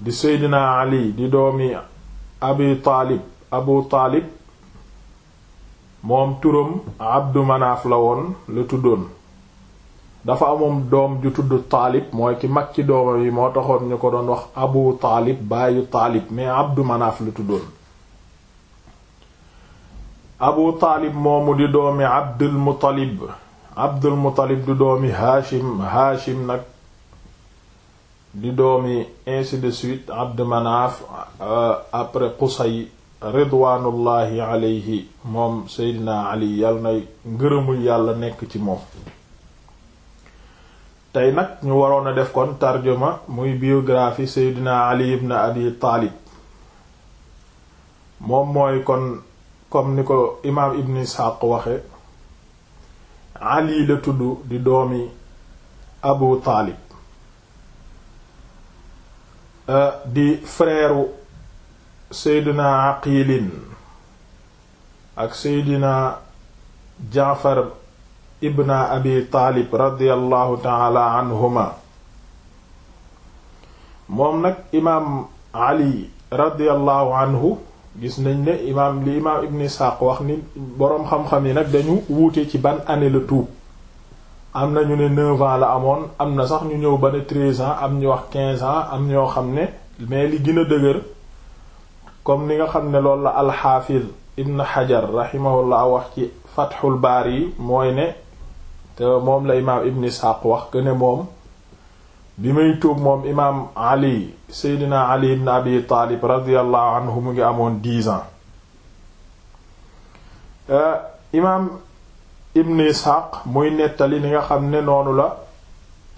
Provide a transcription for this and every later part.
di seydina ali di doomi abi taalib moom turam abdu manaaf la woon la tuddoon dafa amoon doom ju tudd taalib mooy ki mag ci doomam yi moo taxoon ñu ko doon wax abu taalib baayu taalib mais abdu manaaf la tuddoon abu moomu di doomi abdul muttalib abdul muttalib di doomi haashim haashim nag di doomi ainsi de suite Abd Manaf euh, après Qusay ridwanullahi alayhi moom Seydina Ali yàlla na yàlla nekk ci moom tey nag ñu waroon a def kon tarjuma muy biographie Seydina Ali ibn Abi Taalib moom mooy kon comme ni ko imaam Ibn Isxaaq waxe Ali la tudd di doomi Abu Taalib Euh, di frère Seydina Aqilin ak Seydina Jaafar ibn Abi Taalib radiyallahu taala anhuma moom nag imaam Ali radiyallahu anhu gis nañ ne imaam li imaam Ibn Isxaaq wax ni boroom xam-xam yi nag dañu wuute ci ban année la tuub am na ñu ne neuf la amoon am na sax ñu ñëw ba ne treize ans am ñu wax quinze ans am ñoo xam ne mais li gën a dëgër comme ni nga xam ne loolu la alxaafiz ibn xajar rahimahullah wax ci fatxul baar yi mooy ne te moom la imaam ibn isxaaq wax que ne moom bi muy tuub moom imaam ali seydina ali ibn abi taalib radiallahu anhu mu ngi amoon dix ans euh, imaam ibn muy nettali ni nga xam ne noonu la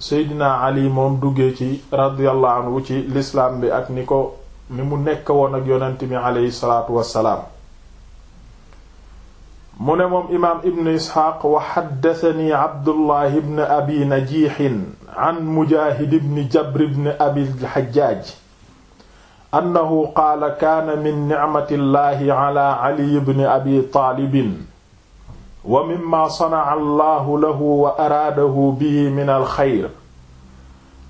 Seydina Ali moom duggee ci radiyallahu ci lislaam bi ak ni ko ni mu nekk woon ak yonent mi aleyhi salaatu wassalaam mu ne moom imaam ibn Isxaaq wa xaddatani Abdullahi ibn Abi Najiixin an Mujaahid ibn Jabr ibn Abi al-Hajjaaj annahu qaala min nicmati llahi Ali ibn Abi Taalibin wa mimma sanaa allahu lahu wa araadahu bihi min alxeyr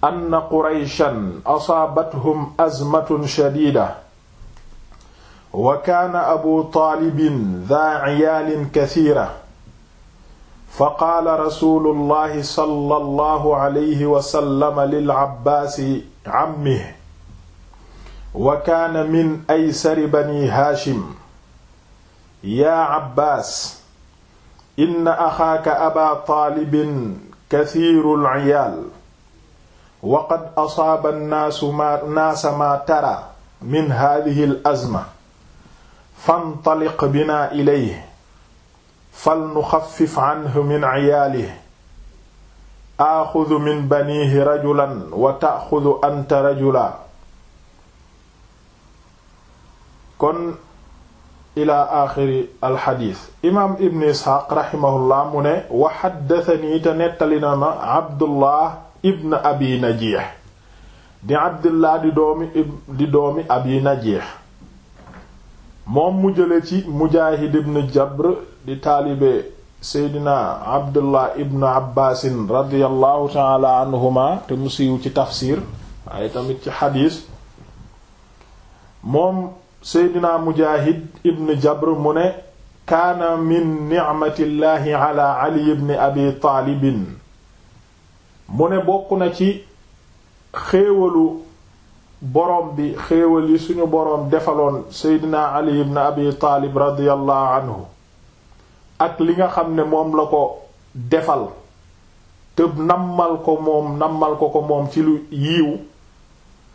ann qurayshan asaabathum azmatun shadida wa kaana abu taalibin daa ciyaalin kasiira fa qaala rasulu llahi sala allahu alayhi wasallama lilcabbaasi cammih wa kaana min aysari bani haashim yaa cabbaas inna axaaka aba taalibin kasiirul iyaal wa qad asaaba annaasu ma naasa maa tara min haadihi al azma fantaliq binaa ilayhi falnuxaffif canhu min ciyaalihi aaxudu min baniihi rajulan wa taaxudu anta rajula kon ila axiri alxadis imaam ibn isxaaq raximahullah mu ne wa xaddatanii te nettali na ma abdullah ibn abi najiix di abdullah di doomi abi najiix moom mu jële ci mujaahid ibn jabr di taalibe seydina abdullah ibn abbaasin radiallahu taala anhuma te mu ci tafsir waaye tamit ci xadiis moom seydina mujaahid ibn jabr mu ne kaana min ni'matillahi ala ali ibn abi taalibin mu ne bokk na ci xéewalu boroom bi xéewal yi suñu borom defaloon seydina ali ibn abi taalib radiyallahu anhu ak li nga xam ne moom la ko defal te nammal ko moom nammal ko ko moom ci lu yiiw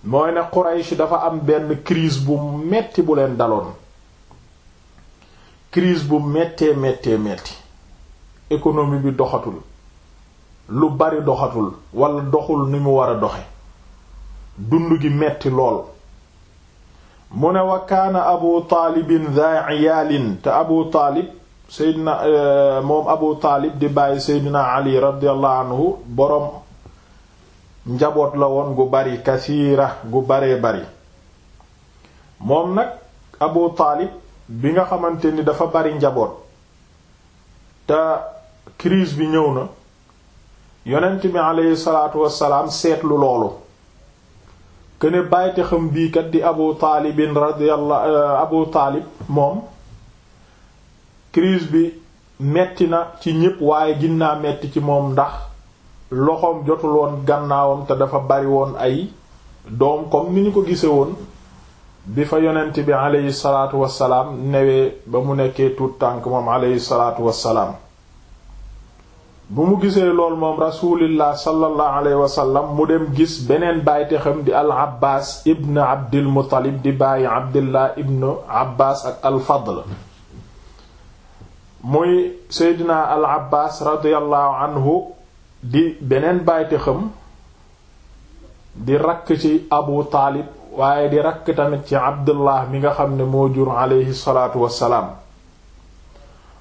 mooy ne Quraysh dafa am benn crise bu metti bu leen daloon crise bu méttee méttee métti économie bi doxatul lu bari doxatul walla doxul ni mu war a doxe dund gi metti lool mu ne wa kaana abu taalibin dha iyaalin te abu taalib seydina eh, moom abu taalib di bàyyi seydina ali radiyallahu anhu boroom njaboot la woon gu bari kasiira gu baree bari moom nag abu taalib bi nga xamante ni dafa bari njaboot te crise bi ñëw na yonent bi aleyhi salaatu wassalaam seetlu loolu këne bàyyite xam bii kat di abu taalibin radiyallahu euh, abu taalib moom crise bi metti na ci ñépp waaye ginnaa metti ci moom ndax loxoom jotul woon gannaawam te dafa bari woon ay doom comme ni ñu ko gise woon bi fa yonent bi aleyhi salaatu wassalaam newee ba mu nekkee tuut tànk moom aleyhi salaatu wassalaam bu mu gisee lool moom rasulillah sallallahu alayhi wasallam mu dem gis beneen bàyyite xam di al abbas ibn abdil muttalib di bàyyi abdillah ibn abbas ak al fadl muy seydina al abbas radiyallahu anhu di beneen bàyte xam di rakk ci abu taalib waaye di rakk tamit ci abdullah mi nga xam ne moo jur aleyhi salaatu wassalaam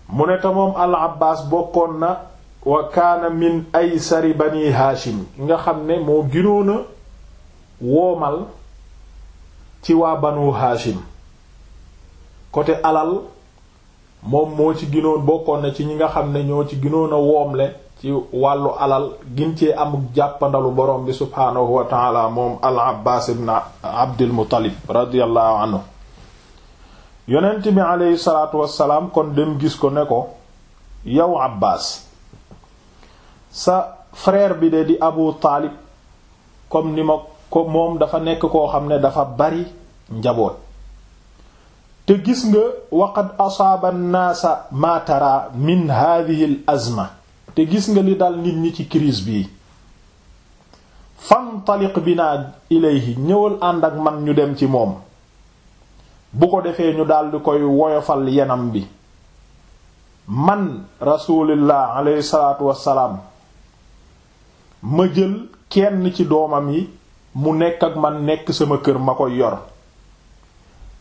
mu ne te moom al abbaas bokkoon na wa kaana min aysari bani haashim nga xam ne moo ginoon woomal ci côté alal moom moo ci ginoon bokkoon na ci ñi nga xam ne ñoo ci ginoon a woomle ci wàllu alal gin ci amuk jàppandalu borom bi subhaanahu wa moom al abbaas ibn abdil muttalib radiallahu yonent bi aleyhi kon dem gis ko ne ko yow abbaas sa bi de di dafa nekk koo xam ne dafa bari njaboot te gis nga waqad asaaba naasa ma min hadhihi azma te gis nga li dal nit ñi ci crise bii fantaliq bina ilayhi ñëwal ànd ak man ñu dem ci moom bu ko defee ñu daldi koy woyofal yenam bi man rasulillah alayhi salaatu wassalaam ma jël kenn ci doomam yi mu nekk ak man nekk sama kër ma koy yor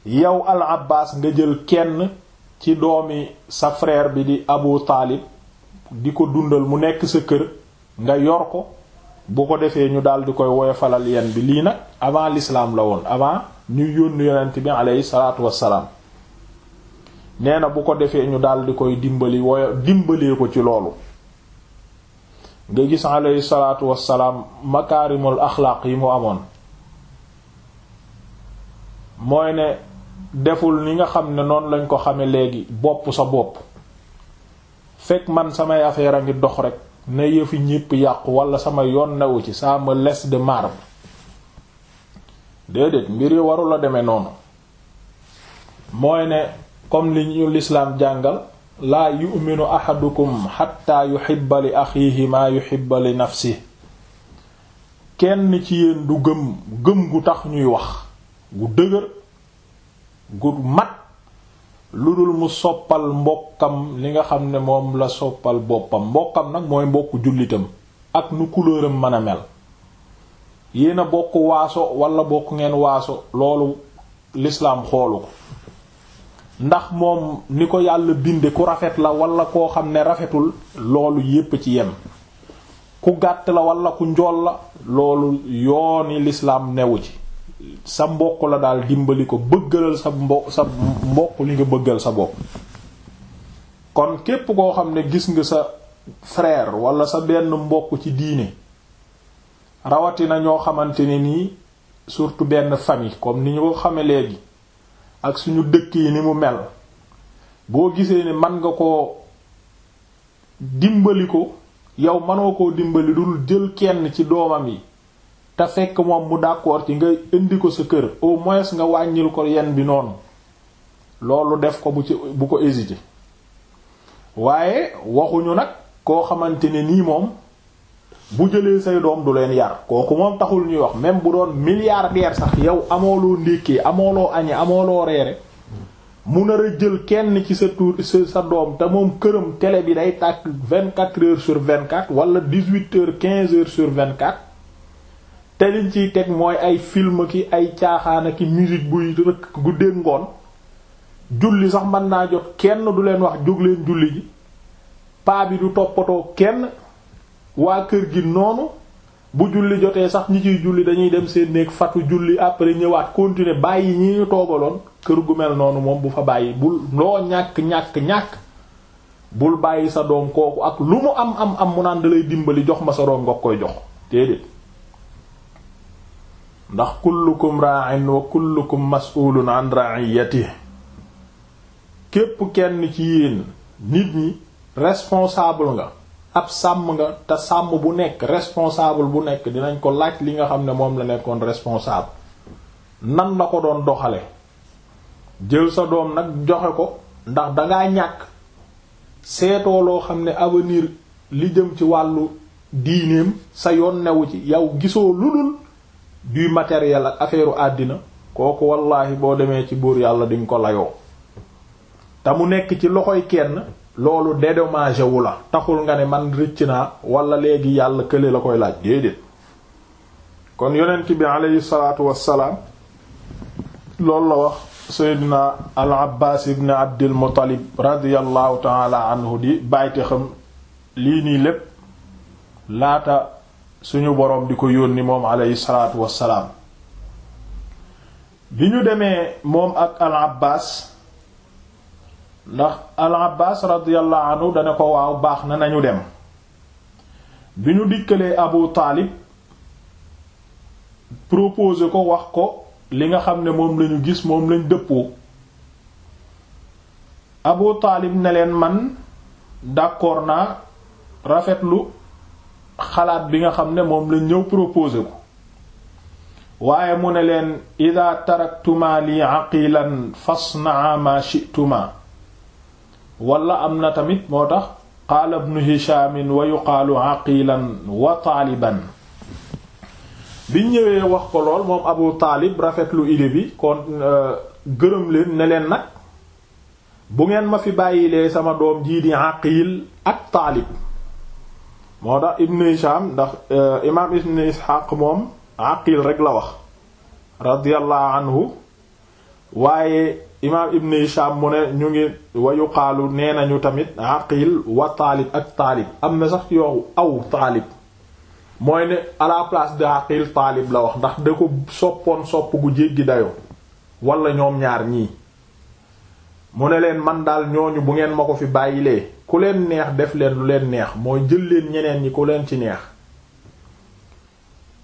yow al abbas nga jël kenn ci doomi sa frère bi di abu taalib di ko dundal mu nekk sa kër nga yor ko bu ko defee ñu daldi di koy woyofalal yen bi lii nag avant lislaam la woon avant ñuy yónni yonent bi aleyhi salaatu wassalaam nee na bu ko defee ñu daldi di koy dimbali woyo dimbalee ko ci loolu nga gis aleyhi salaatu wassalaam makaarimul axlaaq yi mu amoon mooy ne deful ni nga xam ne noonu lañ ko xame léegi bopp sa bopp fekk man samay affaire a ngi dox rek na yëfi ñépp yàqu wala sama yoon newu ci ça me laisse de marbre déedéet mbir yu waru la demee noonu mooy ne comme li ñu lislaam jàngal laa yu'minu ahadukum hatta yuhibba li axiihi maa yuhibba nafsi kenn ci yéen du gëm gëm gu tax ñuy wax gu dëgër gu mat lu dul mu soppal mbokkam li nga xam ne moom la soppal boppam mbokkam nag mooy mbokku jullitam ak nu couleuram mën a mel yéen a bokk waaso walla bokk ngeen waaso loolu lislaam xoolu ko ndax moom ni ko yàlla binde ku rafet la walla koo xam ne rafetul loolu yépp ci yem ku gàtt la wala ku njool la loolu yooni lislaam newu ci sa mbokk la daal dimbali ko bëggalal sa mbo sa mbokk li nga bëggal sa bopp kon képp koo xam ne gis nga sa frère wala sa benn mbokk ci diine rawatina ñoo xamante ne nii surtout benn famille comme ni ñu ko xame léegi ak suñu dëkk yi ni mu mel boo gisee ne man nga ko dimbali ko yow manoo koo dimbali dul jël kenn ci doomam yi te fekk moom mu d'accord ci nga indi ko sa kër au moins nga wàññil ko yenn bi noonu loolu def ko bu ci bu ko hésiter waaye waxuñu nag koo xamante ne nii moom bu jëlee say doom du leen yar kooku moom taxul ñuy wax même bu doon milliardaire sax yow amooloo ndékkee amooloo añe amooloo reere mu nar a jël kenn ci sa tur sa sa doom te moom këram tele bi day tàkk vingt-quatre heures sur vingt-quatre wala dix-huit heures quinze heures sur vingt-quatre te liñ ciy teg mooy ay film ki ay caaxaana ki musique buy rëkk guddeeg ngoon julli sax mën naa jot kenn du leen wax jóg julli ji paa bi du toppatoo kenn waa kër gi noonu bu julli jotee sax ñi ciy julli dañuy dem seen néeg fatu julli après ñëwaat continuer bàyyi ñu toogaloon kër gu mel noonu moom bu fa bàyyi bul loo ñàkk ñàkk ñàkk bul bàyyi sa doom kooku ak lu mu am am am mu naan dimbali jox ma sa doom nga koy jox déedéet ndax kullukum ra'in wa kullukum mas'ulun an ra'iyatihi képp kenn ci yéen nit ñi responsable nga ab sàmm nga te sàmm bu nekk responsable bu nekk dinañ ko laaj li nga xam ne moom la nekkoon responsable nan la ko doon doxale jël sa doom nag joxe ko ndax dangaa ñàkk seetoo loo xam ne avenir li jëm ci wàllu diineem sa yoon newu ci yow gisoo lulul du matériel ak affaire àddina kooku wallaahi boo demee ci buur yàlla di ko layoo te mu nekk ci loxoy kenn loolu dédommagé wu la taxul nga ne man rëcc naa wala léegi yàlla kële la koy laaj déedéet kon yonent bi aleyhi salaatu wassalaam loolu la wax seydina al abbaas ibn abdil muttalib radiallahu taala anhu di bàyte xam lii nii lépp laata suñu boroom di ko yónni moom aleyhi salaatu bi ñu demee moom ak al abbas ndax al abbas radiyallahu anhu dana ko waaw baax na nañu dem bi ñu dikkalee abu taalib proposé ko wax ko li nga xam ne moom lañu gis moom lañ dëppoo abu taalib na leen man d'accord naa rafetlu xalaat bi nga xam ne moom lañ ñëw proposé ko waaye mu ne leen ida taraktuma li aqilan fasnaa ma shituma wala am na tamit moo tax qaala ibnu hishamin wa yuqaalu aqilan wa taaliban biñ ñëwee wax ko lool moom abu taalib rafetlu idée bi kon euh, gërëm leen ne leen nag bu ngeen ma fi bàyyilee sama doom jii di aqil ak taalib moo tax Ibn Hisham ndax euh, imaam Ibn Ishaq moom Aqil rek la wax radiyallahu anhu waaye imaam Ibn Hisham mu ne ñu ngi wa yuqaalu nee nañu tamit Aqil wa Taalib ak Taalib am na sax yow aw Taalib mooy ne à la place de Aqil Taalib la wax ndax da ko soppoon sopp gu jéggi dayoo wala ñoom ñaar ñii. mu ne leen man daal ñooñu bu ngeen ma ko fi bàyyilee ku leen neex def leen lu leen neex mooy jël leen ñeneen ñi ku leen ci neex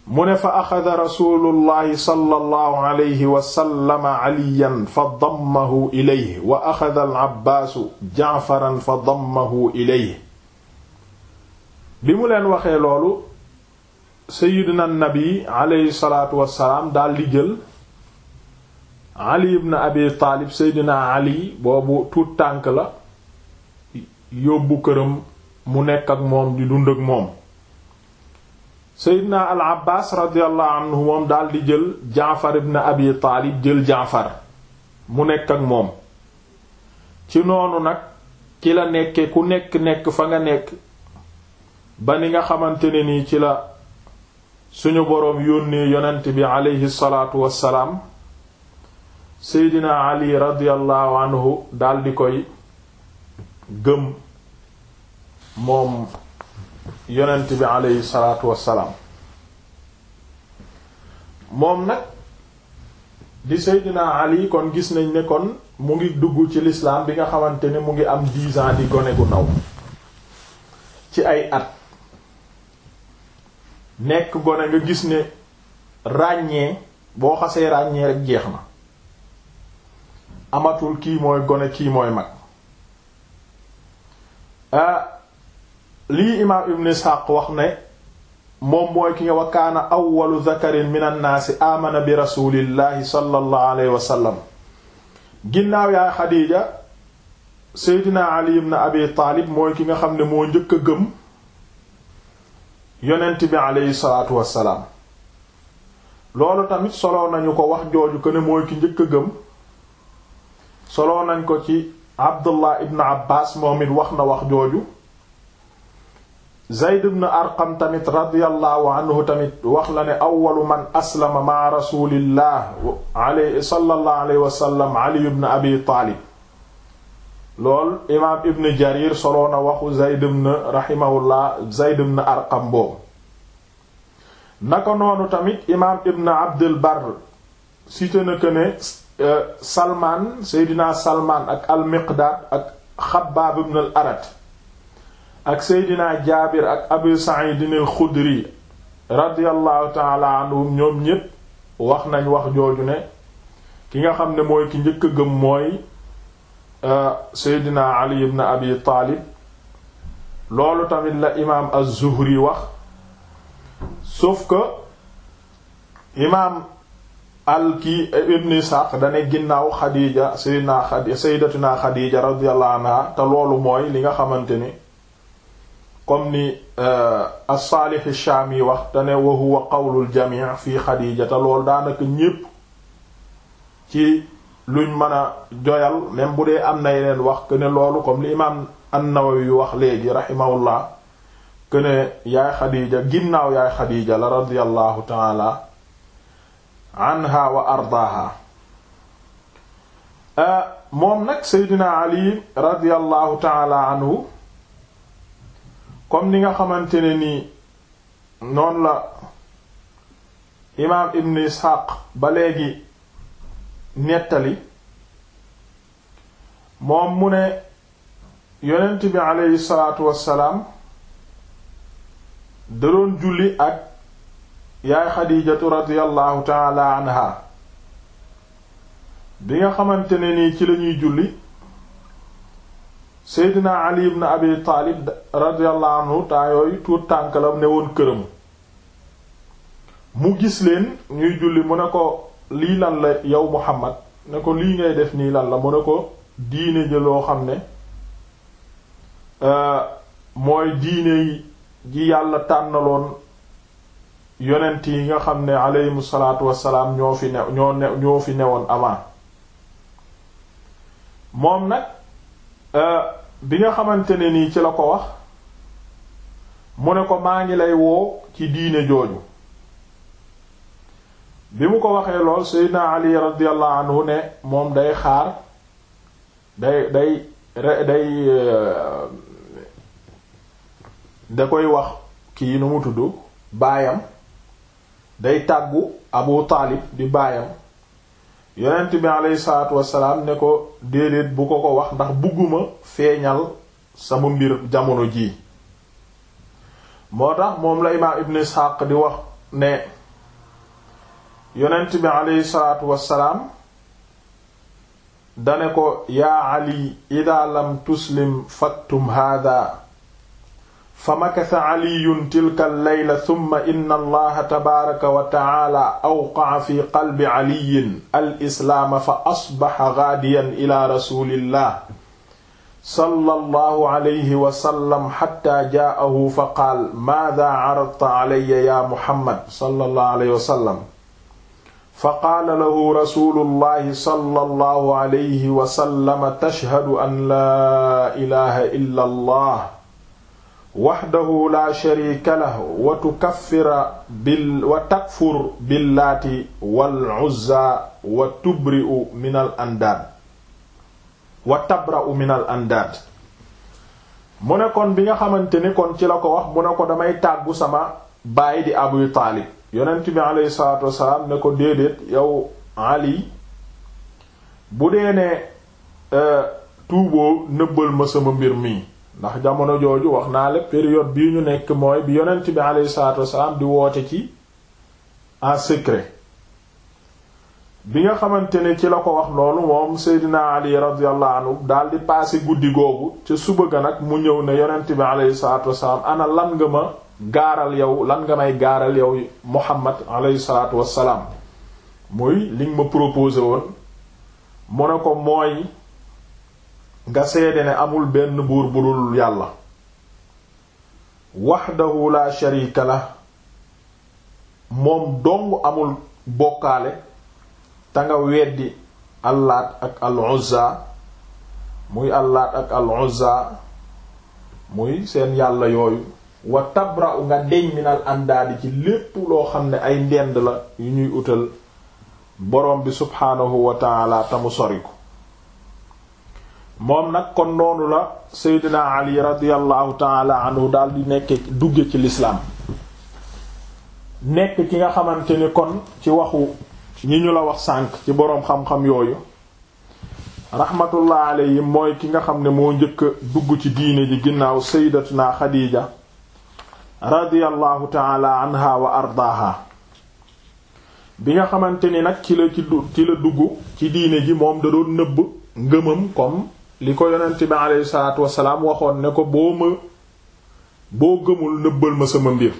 mu ne fa axada rasulullahi sallallahu alayhi wa sallama caliyan fa dammahu ilayhi wa axada alabbaasu jaafaran fa dammahu ilayhi bi mu leen waxee loolu sayiduna nabi alayhi salaatu wassalaam daal di jël ali ibn abi seydina ali boobu tuut tànk la yóbbu këram mu nekk ak moom di dund ak moom seydina al abbaas radiyallahu moom daal jël jaafar ibn abi taalib jël jaafar mu nekk ak moom ci noonu nag ci la nekke ku nekk nekk fa nga nekk ba ni nga xamante ne nii ci la suñu boroom yónnee yonent bi aleyhi wassalaam seydina ali radiyallahu anhu daldi koy gëm moom yonent bi aleyhi salaatu wassalaam moom nag di seydina ali kon gis nañ ne kon mu ngi dugg ci lislaam bi nga xamante ne mu ngi am dix ans di gone gu ndaw ci ay at nekk gone nga gis ne ràññee boo xasee ràññee rek jeex na amatul kii mooy gone kii mooy mag ah lii imaam ibn Isxaaq wax ne moom mooy ki nga wa kaana awwalu dhakarin min annaasi amana bi rasulillahi sallallahu alayhi wa ginnaaw yaay Xadiija Seydina Ali na Abi Taalib mooy ki nga xam ne moo njëkk a gëm yonent bi aleyhi salaatu wassalaam loolu tamit solo nañu ko wax jooju ko ne mooy ki njëkk a gëm soloo nañ ko ci abdullah ibn abbas moom wax na wax jooju zayd ibn arqam tamit radiyallahu tamit wax la ne awwalu man aslama ma rasulillah alayhi sallallahu ali ibn abi taalib lool imaam ibn jarir soloo na waxu zayd ibn rahimahullah zayd ibn arqam boobu naka noonu tamit imaam ibn abdul bar cité na ko ne Euh, Salman Seydina Salman ak al ak Xabbaab ibn al ak Seydina Jaabir ak Abu Sa'id al-Xudri radiyallahu ta'ala anhum ñoom ñépp wax nañ wax jooju ne ki nga xam ne mooy ki njëkk gëm mooy euh, Seydina Ali ibn Abi Taalib loolu tamit la imaam az-Zuhri wax sauf que imaam. alki ibn Isxaaq dane ginnaaw Xadiija sayyidina Xadiija sayyidatuna Xadiija radiyallahu anha te loolu mooy li nga xamante ni comme ni euh, as yi wax dane wa huwa qawlul jamii fii Xadiija te loolu daanaka ñépp ci luñ mën a joyal même bu dee am na yeneen wax que ne loolu comme li imaam an-Nawawi wax léegi rahimahullah que ne yaay Xadiija ginnaaw yaay Xadiija la radiyallahu taala anha wa ardaaha euh, moom nag seydina ali radiallahu taala anhu comme ni nga xamante nii noonu la imaam ibn isxaaq ba léegi nettali moom mu ne yonent bi aleyhi salaatu wassalaam da doon julli ak yaay xadijatu radiyallahu taala anha bi nga xamante ne nii ci lañuy julli seydina ali ibn abi taalib radiyallahu anhu tuut tànk la ne woon këram mu gis leen ñuy julli mu ne ko lii lan la yow muhammad ne ko lii ngay def nii lan la mu ne ko diine ji loo xam ne euh, mooy diine ji yàlla tànnaloon yonent yi nga xam ne aleyhimu salaatu wassalaam ñoo fi ne ñoo fi newoon avant moom nag euh, bi nga xamante ne nii ci la ko wax mu ne ko maa ngi lay woo ci diine jooju bi mu ko waxee lool seydna ali radiyallahu anhu ne moom day xaar day day day euh, da koy wax kii nu mu tudd baayam day tàggu abu taalib di baayam yonent bi aleyhi salaatu ne ko déedéet bu ko ko wax ndax bugguma feeñal sama mbir jamono jii moo tax moom la imaam ibn isxaaq di wax ne yonent bi aleyhi salaatu dane ko yaa ali ida lam tuslim fattum hada fa makasa caliyun tilka leyla summa inna allaha tabaaraka wa tacaala awqaca fi qalbi caliyin alislaama fa asbaxa gaadiyan ila rasulillah sallallahu alayhi wa sallam xatta jaa'ahu fa qaal maada caradta calaya ya muhammad sallallahu alayhi wa sallam fa qaala lahu rasulullahi sallallahu alayhi wa sallam tashhadu an laa ilaha illa allah waxdahu la sharika lahu wa tukaffira bil wa takfur billaati wal uzza wa tubri'u min al andaad wa min al andaad mu ne kon bi nga xamante ni kon ci la ko wax mu ne ko damay tàggu sama baay di abu taalib yonent bi aleyhi salaatu wasalaam ne ko déedéet yow ali bu dee ne euh, tuuboo nëbbal ma sama mbir mi ndax jamono jooju wax naa la période bii ñu nekk mooy bi yonent bi alayhi salaatu wasalaam di woote ci en secret bi nga xamante ne ci la ko wax loolu moom Seydina Ali radiyallahu anhu daal di paase guddi googu ca suba ga nag mu ñëw ne yonent bi alayhi salaatu wasalaam ana lan nga ma gaaral yow lan nga may gaaral yow Muhammad alayhi salaatu wasalaam muy li ma proposé woon mu ne ko mooy. nga seede ne amul benn buur bu dul yàlla waxdahu la sharika la moom dong amul bokkaale te nga weddi allaat ak al uzza muy allaat ak al seen yàlla yooyu wa tabra'u nga deñ minal àndaadi ci lépp loo xam ne ay ndend la yu ñuy utal borom bi subhaanahu wa taala tamu sori ko moom nag kon noonu la seydina ali radiallahu taala anhu daal di nekk dugge ci lislaam nekk ki nga xamante ni kon ci waxu ñi ñu la wax sànq ci boroom xam-xam yooyu rahmatullah yi mooy ki nga xam ne moo njëkk a dugg ci diine ji ginnaaw sayyidatuna xadiija radiyallahu taala anha wa ardaaha bi nga xamante ni nag ci la ci la dugg ci diine ji moom da nëbb ngëmam comme li ko yonent bi aleyhi salaatu wasalaam waxoon ne ko boo ma boo gëmul nëbbal ma sama mbir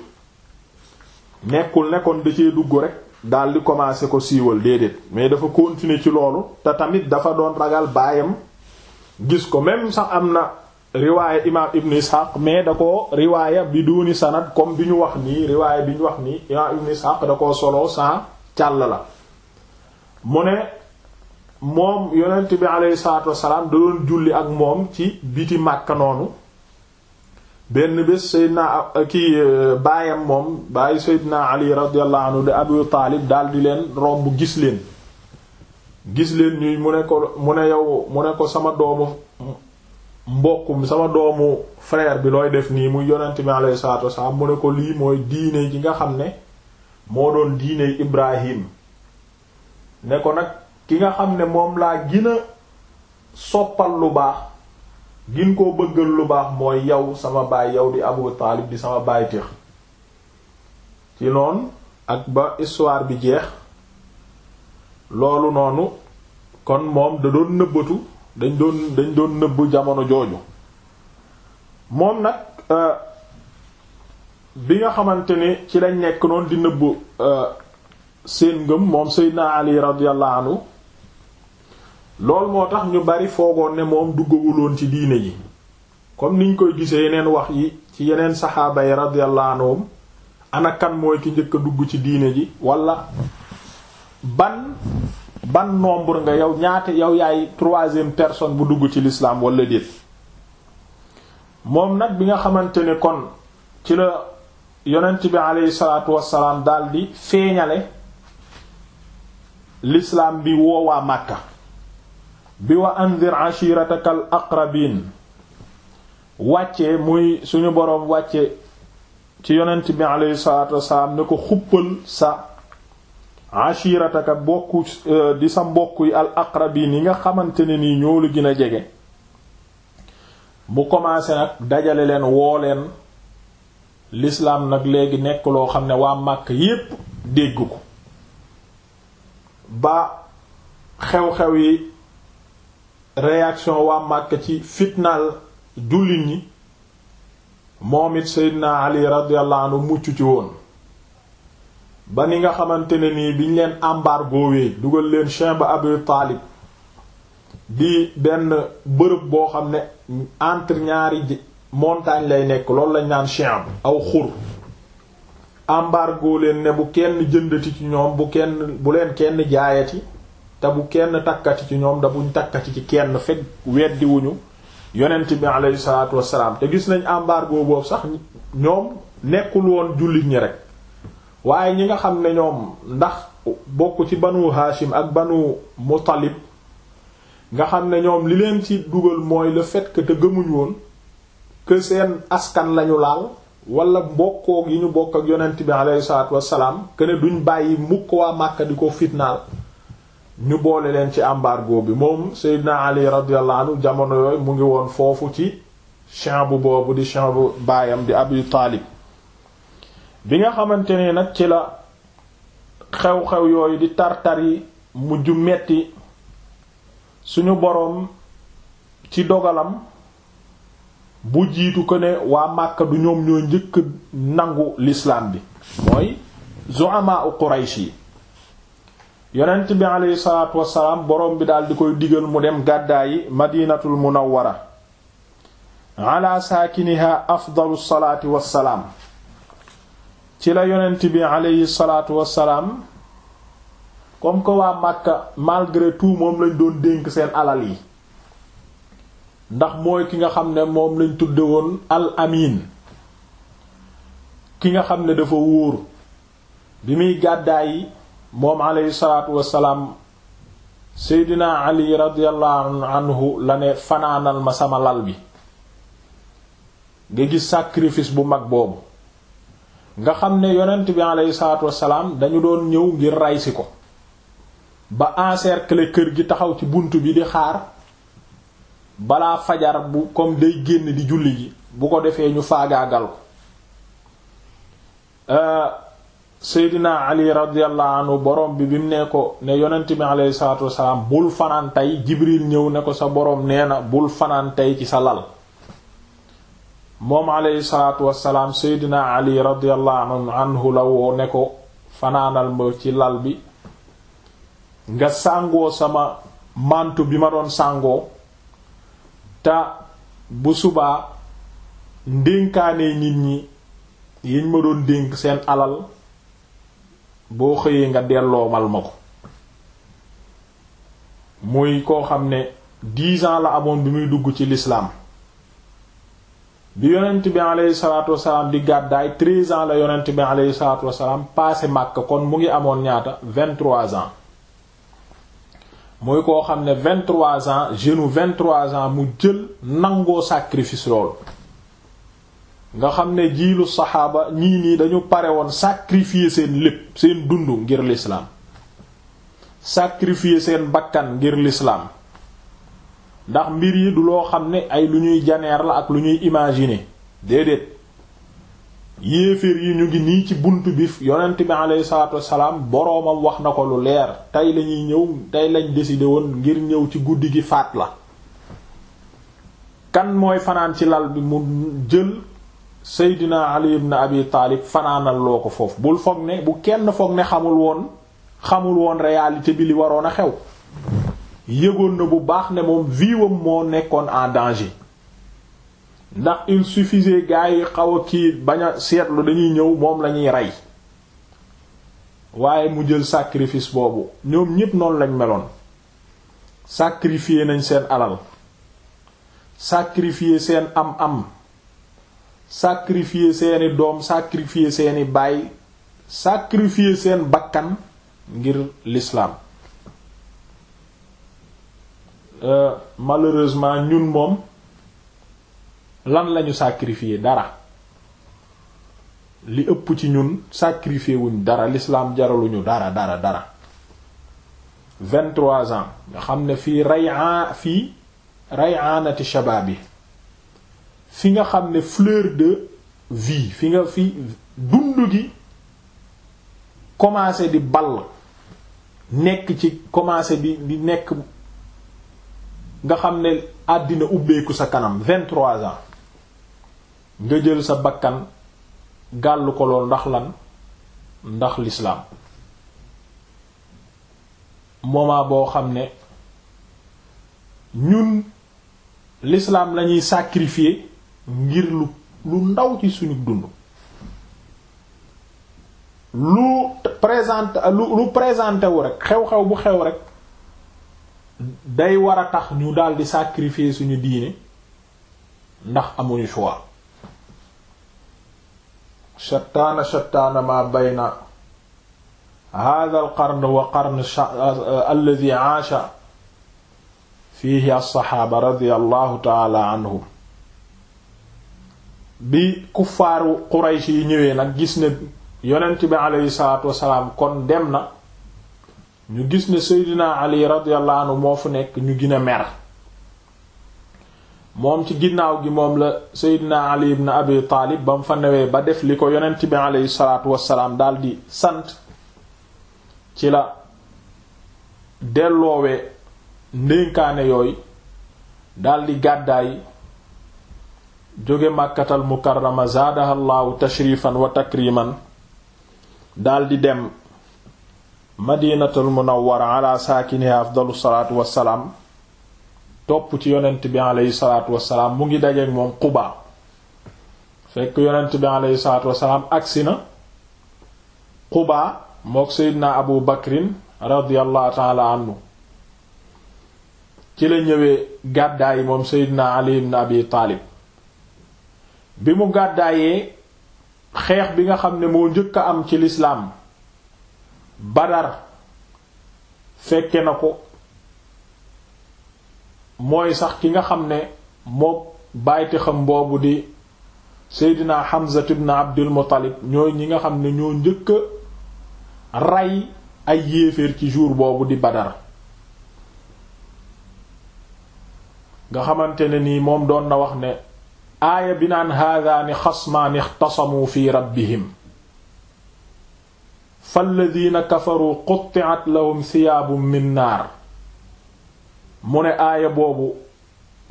nekkul nekkoon da cee dugg rek daal di commencer ko siiwal déedéet mais dafa continuer ci loolu te tamit dafa doon ragal baayam gis ko même sax am na riwaaya imaam ibn ishaq mais da ko riwaaya bi duuni sanad comme bi ñu wax nii riwaaya bi ñu wax nii imaam ibn ishaq da ko solo sans càll la mu ne moom yonent bi aleyhi salaatu wassalaam da doon julli ak moom ci biti Makka noonu benn bés Seydina ki baayam moom bàyyi Seydina Ali radiyallahu anhu de Abu Taalib daal di leen romb gis leen gis leen ñuy mu ne ko mu ne yow mu ne ko sama doomu mbokkum sama doomu frère bi looy def nii muy yonent bi aleyhi salaatu wassalaam mu ne ko lii mooy diine ji nga xam ne moo doon diine Ibrahim ne ko nag ki nga xam ne moom laa gën soppal lu baax gin koo bëggal lu baax mooy yow sama baay yow di Abu Taalib di sama baay téex ci noonu ak ba histoire bi jeex loolu noonu kon moom da doon nëbbatu dañ doon dañ doon nëbbu jamono jooju moom nag euh, bi nga xamante ne ci lañ nekk noonu di nëbbu euh, seen ngëm moom Seydina Ali radiyallahu anhu loolu moo tax ñu bari foogoon ne moom duggaguloon ci diine ji comme niñ koy gisee yeneen wax yi ci yeneen saxaaba yi radiyallahu anhum ana mooy ki njëkk a dugg ci diine ji wala ban ban nombre nga yow ñaate yow yaay troisième personne bu dugg ci lislaam wala déet moom nag bi nga xamante ne kon ci la yonent bi aleyhi salaatu wassalaam daldi feeñale l'islam bi woowaa Màkka bi wa anzir ashiratakal aqrabin wàcce muy suñu boroom wàcce ci yonent bi aleyhi salaatu wasalaam ne ko xuppal sa ashirataka bokku euh, di sa mbokk yi al aqrabin yi nga xamante ne nii ñoo la gën a jege bu commencé nag dajale leen woo leen lislaam nag léegi nekk loo xam ne waa màkk yépp dégg ko ba xew-xew yi réaction waa Makka ci fitnaal jullit ñi moom it Seydina Ali radiyallahu anhu mucc ci woon ba ni nga xamante ne nii biñ leen embargoowee dugal leen chien ba Abi Taalib di benn bërëb boo xam ne entre ñaari montagne lay nekk loolu lañ naan chien aw xur embargo leen ne bu kenn jëndati ci ñoom bu kenn bu leen kenn jaayati te bu kenn takkati ci ñoom da buñ takkati ci kenn fekk weddiwuñu yonent bi aleyhi salaatu wassalaam te gis nañ embargo boobu sax ñoom nekkul woon jullit ñi rek waaye ñi nga xam ne ñoom ndax bokk ci banu Hashim ak banu Muttalib nga xam ne ñoom li leen ci dugal mooy la fait que gëmuñ woon que seen askan lañu laal wala mbokkoo yi ñu bokk ak yonent bi aleyhi salaatu wassalaam que duñ bàyyi mukk waa Màkka di ko fitnaal ñu boole leen ci embargo bi moom Seydina Ali radiyallahu jamono yooyu mu ngi woon foofu ci chambu boobu di bu baayam di Abi Taalib bi nga xamante ne nag ci la xew-xew yooyu di tartar yi mujj metti suñu boroom ci dogalam bu jiitu ko ne waa Màkka du ñoom ñoo njëkk nangu l'islam bi mooy zu'ama u Quraysh yi yonent bi aleyhi salaatu wasalaam borom bi daal di koy digal mu dem gàddaayi madinatul munawwara ala saakiniha afdalu salaati wasalaam ci la yonent bi aleyhi salaatu wasalaam comme que waa Màkka malgré tout moom lañ doon dénk seen alal yi ndax mooy ki nga xam ne moom lañ tudde woon al amin ki nga xam ne dafa wóor bi muy gàddaay moom aleyhi salaatu salaam seydina ali radiyallahu la ne fanaanal ma sama lal bi nga gis sacrifice bu mag boobu nga xam ne yonent bi aleyhi salaatu wasalaam dañu doon ñëw ngir raysi ko ba encercler kër gi taxaw ci bunt bi di xaar balaa fajar bu comme day génn di julli yi bu ko defee ñu faagaagal ko euh, seydina ali radiyallahu anhu borom bi bi ne ko ne yonent bi alayhi salaatu wasalaam bul fanaan tey jibril ñëw ne ko sa borom nee na bul fanaan tey ci sa lal moom alayhi salaatu wasalaam seydina ali radiyallahu anhu la woo ne ko fanaanal ma ci lal bi nga sàngoo sama màntu bi ma doon sàngoo ta bu subaa ndénkaane nit ñi yiñ ma doon dénk seen alal boo xëyee nga delloomal ma ko muy koo xam ne dix ans la amoon bi muy dugg ci lislaam bi yonent bi aleyhi salaatu wasalaam di gàddaay treize ans la yonent bi aleyhi salaatu wasalaam passé Makka kon mu ngi amoon ñaata vingt-trois ans muy koo xam ne vingt-trois ans jeune vingt-trois mu jël nangoo sacrifice loolu nga xam ne jiilu saxaaba ñii nii dañu pare woon sacrifier seen lépp seen dund ngir lislaam sacrifier seen bakkan ngir lislaam ndax mbir yi du loo xam ne ay lu ñuy janeer la ak lu ñuy imaginer déedéet yéeféer yi ñu ngi nii ci bunt bi yonent bi aleyhi salaatu wassalaam boroomam wax na ko lu leer tey lañuy ñëw tey lañ décidé woon ngir ñëw ci guddi gi faat la kan mooy fanaan ci lal bi mu jël Seydina Ali ibn Abi Taalib fanaanal loo ko foofu bul foog ne bu kenn foog ne xamul woon xamul woon réalité bi li waroon a xew yëgoon na bu baax ne moom viiwam moo nekkoon en danger ndax il suffisait gars yi xaw a kii bañ a seetlu dañuy ñëw moom lañuy rey waaye mu jël sacrifice boobu ñoom ñépp noonu lañ meloon sacrifier nañ seen alal sacrifier seen am am sacrifier seeni doom sacrifier seeni baay sacrifier seen bakkan ngir l'islam euh, malheureusement ñun moom lan lañu sacrifier dara li ëpp ci ñun sacrifier wuñ dara l'islam jaraluñu dara dara dara vingt-trois ans nga xam ne fii ray'an fii ray'anati shabaab yi fi nga xam ne fleur de vie fi nga fi dund gi commencé di ball nekk ci commencé bi di nekk nga xam ne àddina ubbeeku sa kanam vingt-trois ans nga jël sa bakkan gàllu ko lool ndax lan ndax l'islam moment boo xam ne ñun l'islam lañuy sacrifier ngir lu lu ndaw ci suñu dund lu présenté lu lu wu rek xew-xew bu xew rek day war a tax ñu di sacrifier suñu diine ndax amuñu choix shattaana shattaana ma bayna hada al qarn wa qarn alladhi aasha fiihi ta'ala anhum bi kuffaaru Quraysh yi ñëwee nag gis ne yonent bi aleyhi salaatu wasalaam kon dem na ñu gis ne Seydina Ali radiyallahu anhu moo fu nekk ñu gën mer moom ci ginnaaw gi moom la Seydina Ali ibn Abi Taalib ba mu fa newee ba def li ko yonent bi aleyhi salaatu salaam daldi sant ci la delloowe ndénkaane yooyu daldi gàddaay jóge màkkatal mukarrama zaadahallaahu tashrifan wa takriman daldi dem madinatul munawwara ala saakiniha afdalu salaatu wassalaam topp ci yonent bi aleyhi salaatu wassalaam mu ngi dajeek moom Quba na abu bakrin radiyallahu taala anhu ci la ñëwee gàddaay moom seydina ali ibn abi taalib bi mu gàddaayee xeex bi nga xam ne moo njëkk a am ci lislaam badar fekke na ko mooy sax ki nga xam ne moo bàyti xam boobu di seydina Hamza ibn Abdul Muttalib ñooy ñi nga xam ne ñoo njëkk a ay yéeféer ci jour boobu di badar nga xamante ne nii moom doon na wax ne aaya bi naan haadaani xasmaani ixtasamu fi rabbihim falladiina kafaru qutti'at lahum siyaabun min naar mu ne aaya boobu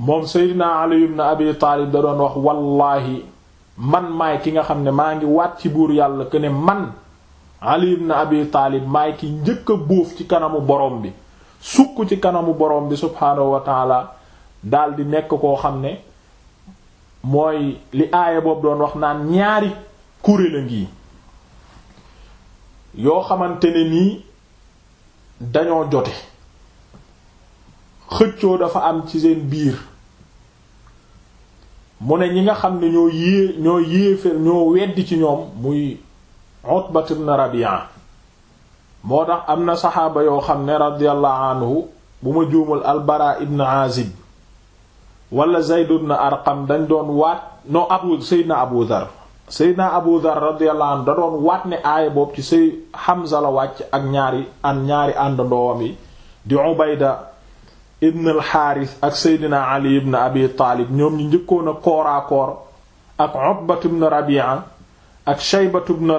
moom seydinaa Ali ibn Abi Taalib da doon wax wallaahi man maay ki nga xam ne maa ngi waat ci buur yàlla ko ne man Ali ibn Abi Taalib maay ki njëkk a ci kanamu borom bi sukk ci kanamu borom bi subhaanahu wa taala daldi nekk koo xam ne mooy li aaya boobu doon wax naan ñaari kuréel a ngi yoo xamante ne nii dañoo jote xëccoo dafa am ci seen biir mu ne ñi nga xam ne ñoo yée ñoo yéefér ci ñoom muy Utbat ibn Rabi'a moo tax am na saxaaba yoo xam ne radiyallahu anhu bu ma juumal albara Bara ibn Azib wala Zayd ibn Arqam dañ doon waat non abu Seydina Abu Dhar Seydina Abu Dhar radiyallahu anhu da doon waat ne aaya boobu ci say Hamza la wàcc ak ñaari an ñaari àndandoowam yi di Ubayda ibn al ak Seydina Ali ibn Abi ñoom ñu njëkkoon a kooraakoor ak Utbat ibn Rabi'a ak Shaybat ibn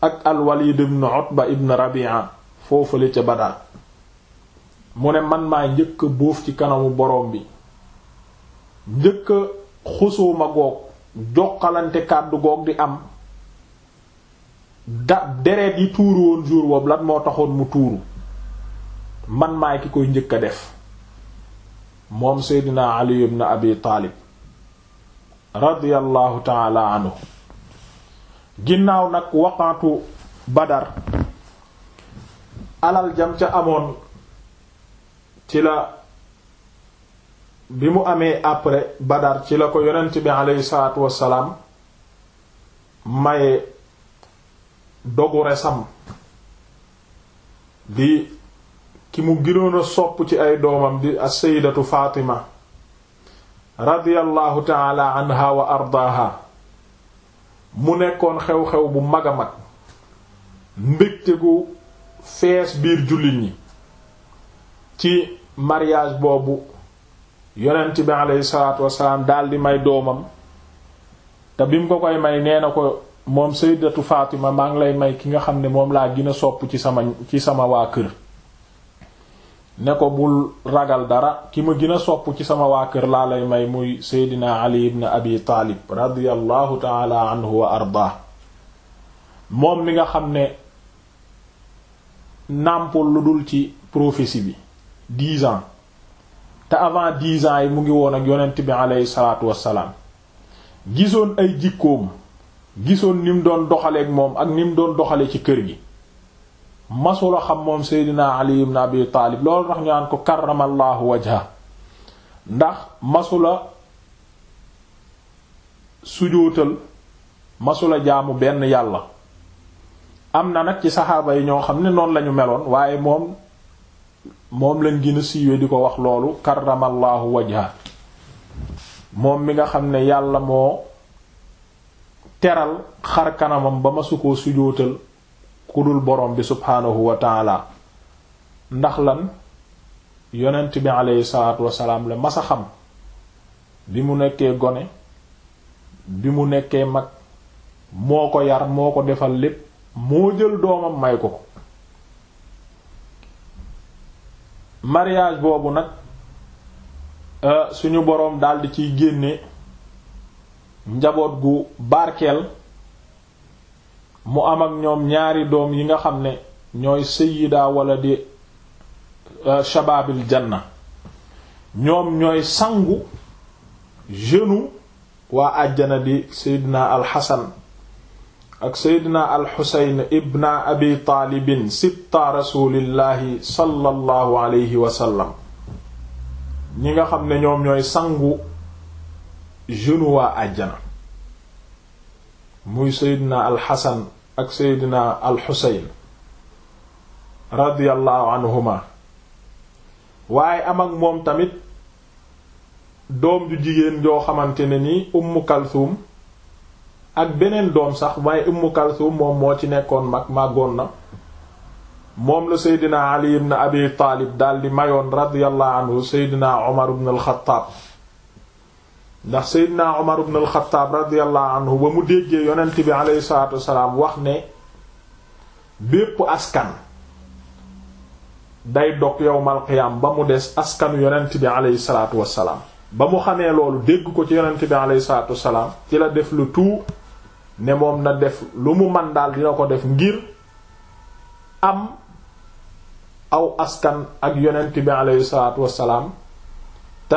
ak al-Walid ibn Utba ibn Rabi'a foofale ca mu ne man maa njëkk a bóof ci kanamu borom bi njëkk a xusuuma goog joxalante kàddu goog di am da deret yi tuuru woon jour boobu lan moo taxoon mu tuuru man maay ki koy njëkk a def moom seydina ali ibn abi taalib radiyallahu ginnaaw nag waqantu badar alal jam ca amoon ci la bi mu amee après Badar ci la ko yonent bi aleyhi salaatu wassalaam maye dogu resam di ki mu gënoon sopp ci ay doomam di as-sayyidatu Fatima radiyallahu taala anha wa ardaaha mu nekkoon xew-xew bu mag a mag mbégte gu fees biir jullit yi ci mariage boobu yonent bi aleyhi salaatu wasalaam daal di may doomam te bi mu ko koy may nee na ko moom sayyidatu Fatima maa ngi lay may ki nga xam ne moom laa gin a sopp ci sama ci sama waa kër ne ko bul ragal dara ki ma gën a sopp ci sama waa kër laa lay may muy seydina ali ibn abi taalib radiallahu taala anhu wa ardaa moom mi nga xam ne nàmpul lu dul ci prophétie bi dix ans te avant dix yi mu ngi woon ak yonent bi aleyhi salaatu wassalaam gisoon ay jikkoom gisoon ni mu doon doxaleek moom ak ni mu doon doxale ci kër gi masula xam moom seydina ali ibn abi taalib loolu rax ñu naan ko karamallahu wajha ndax masula sujootal masula jaamu benn yàlla am na nag ci saxaaba yi ñoo xam ne noonu lañu meloon waaye moom moom lañ gën a siiwee di ko wax loolu karamallahu wajha moom mi nga xam ne yàlla moo teral xar kanamam ba ma su koo sujootal ku dul borom bi subhaanahu wa taala ndax lan yonent bi aleyhi salaatu wasalaam la masa xam bi mu nekkee gone bi mu nekkee mag moo ko yar moo ko defal lépp moo jël doomam may ko mariage boobu nag euh, suñu boroom daldi ciy génne njaboot gu barkeel mu am ak ñoom ñaari doom yi nga xam ne ñooy sayyidaa walla di euh, shabaabil janna ñoom ñooy sangu jeune waa àjjana di seydina alxasan ak seydina alxuseyn ibn abi taalibin sibta rasulillahi sallallahu alayhi wasallam ñi nga xam ne ñoom ñooy sangu junuwaa àjjana muy seydina alxasan ak seydina alxuseyn radiyallahu anhuma waaye am moom tamit doom ju jigéen joo xamante ne ni ummu kalthum ak beneen doom sax waaye Ummu Kalsum moom moo ci nekkoon mag màggoon na moom la Seydina Ali ibn Abi Taalib daldi mayoon radiyallahu Seydina Omar ibn al ndax Seydina Omar ibn al-Khattab radiyallahu ba mu déggee yonent bi aleyhi salaatu wasalaam wax ne bépp askan day dog yow qiyaam ba mu des askanu yonent bi aleyhi salaatu wasalaam ba mu xamee loolu dégg ko ci yonent bi aleyhi salaatu wasalaam ci la def lu tout ne moom na def lu mu man daal dina ko def ngir am aw askan ak yonent bi aleyhi salaatu wassalaam te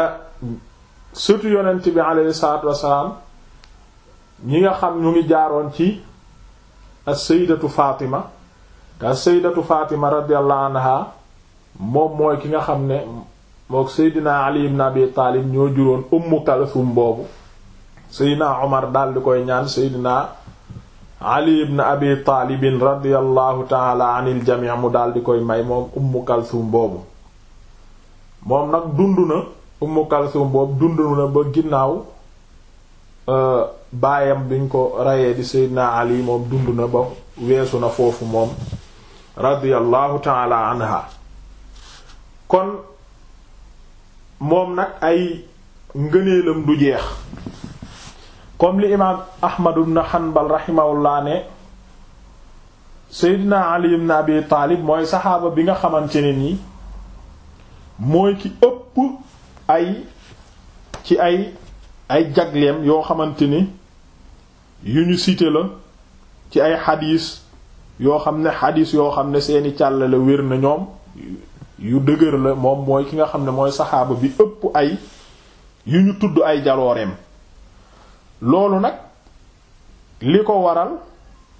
surtout yonent bi aleyhi salaatu wassalaam ñi nga xam ñu ngi jaaroon ci as-sayyidatu Fatima te as-sayyidatu Fatima anha moom mooy ki nga xam ne mook Seydina Ali ibn Abi ñoo juróon Ummu Kalsum boobu seydina omar daal di koy ñaan seydina ali ibn abi radiallahu taala anil jamii mu daal di koy may moom ummu kalsum boobu moom nag dund na ummu kalsum boobu dund na ba ginnaaw euh, baayam biñ ko rayee di seydina ali moom dund na ba weesu na foofu moom radiallahu taala anha kon moom nag ay ngëneelam du jeex comme li imaam Ahmad ibn Hanbal rahimahullah ne Seydina Ali ibn Abi Taalib mooy saxaaba bi nga xamante ne nii mooy ki ëpp ay ci ay ay jagleem yoo xamante ni yu ñu cité la ci ay xadiis yoo xam ne xadiis yoo xam ne seeni càllale wér na ñoom yu dëgër la moom mooy ki nga xam ne mooy saxaaba bi ëpp ay yu ñu tudd ay jalooreem loolu nag li ko waral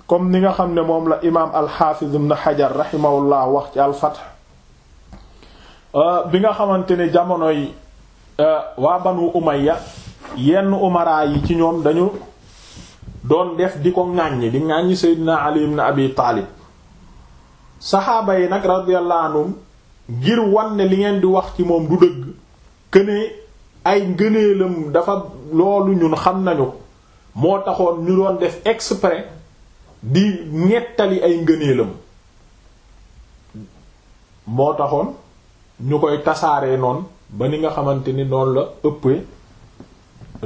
comme ni nga xam ne moom la imaam alxaafiz ibn xajar raximahullah wax ci alfat bi nga xamante ne jamonoy euh, waa banu umayya yenn umaraa yi ci ñoom dañu doon def di ko ŋàññi di ŋàññi seydina ali ibn abi taalib saxaaba yi nag radiyallahu ngir wan ne li ngeen di wax ci moom du dëgg ay ngëneelam dafa loolu ñun xam nañu moo taxoon ñu doon def exprès di nettali ay ngëneelam moo taxoon ñu koy tasaaree noonu ba ni nga xamante ni noonu la ëpp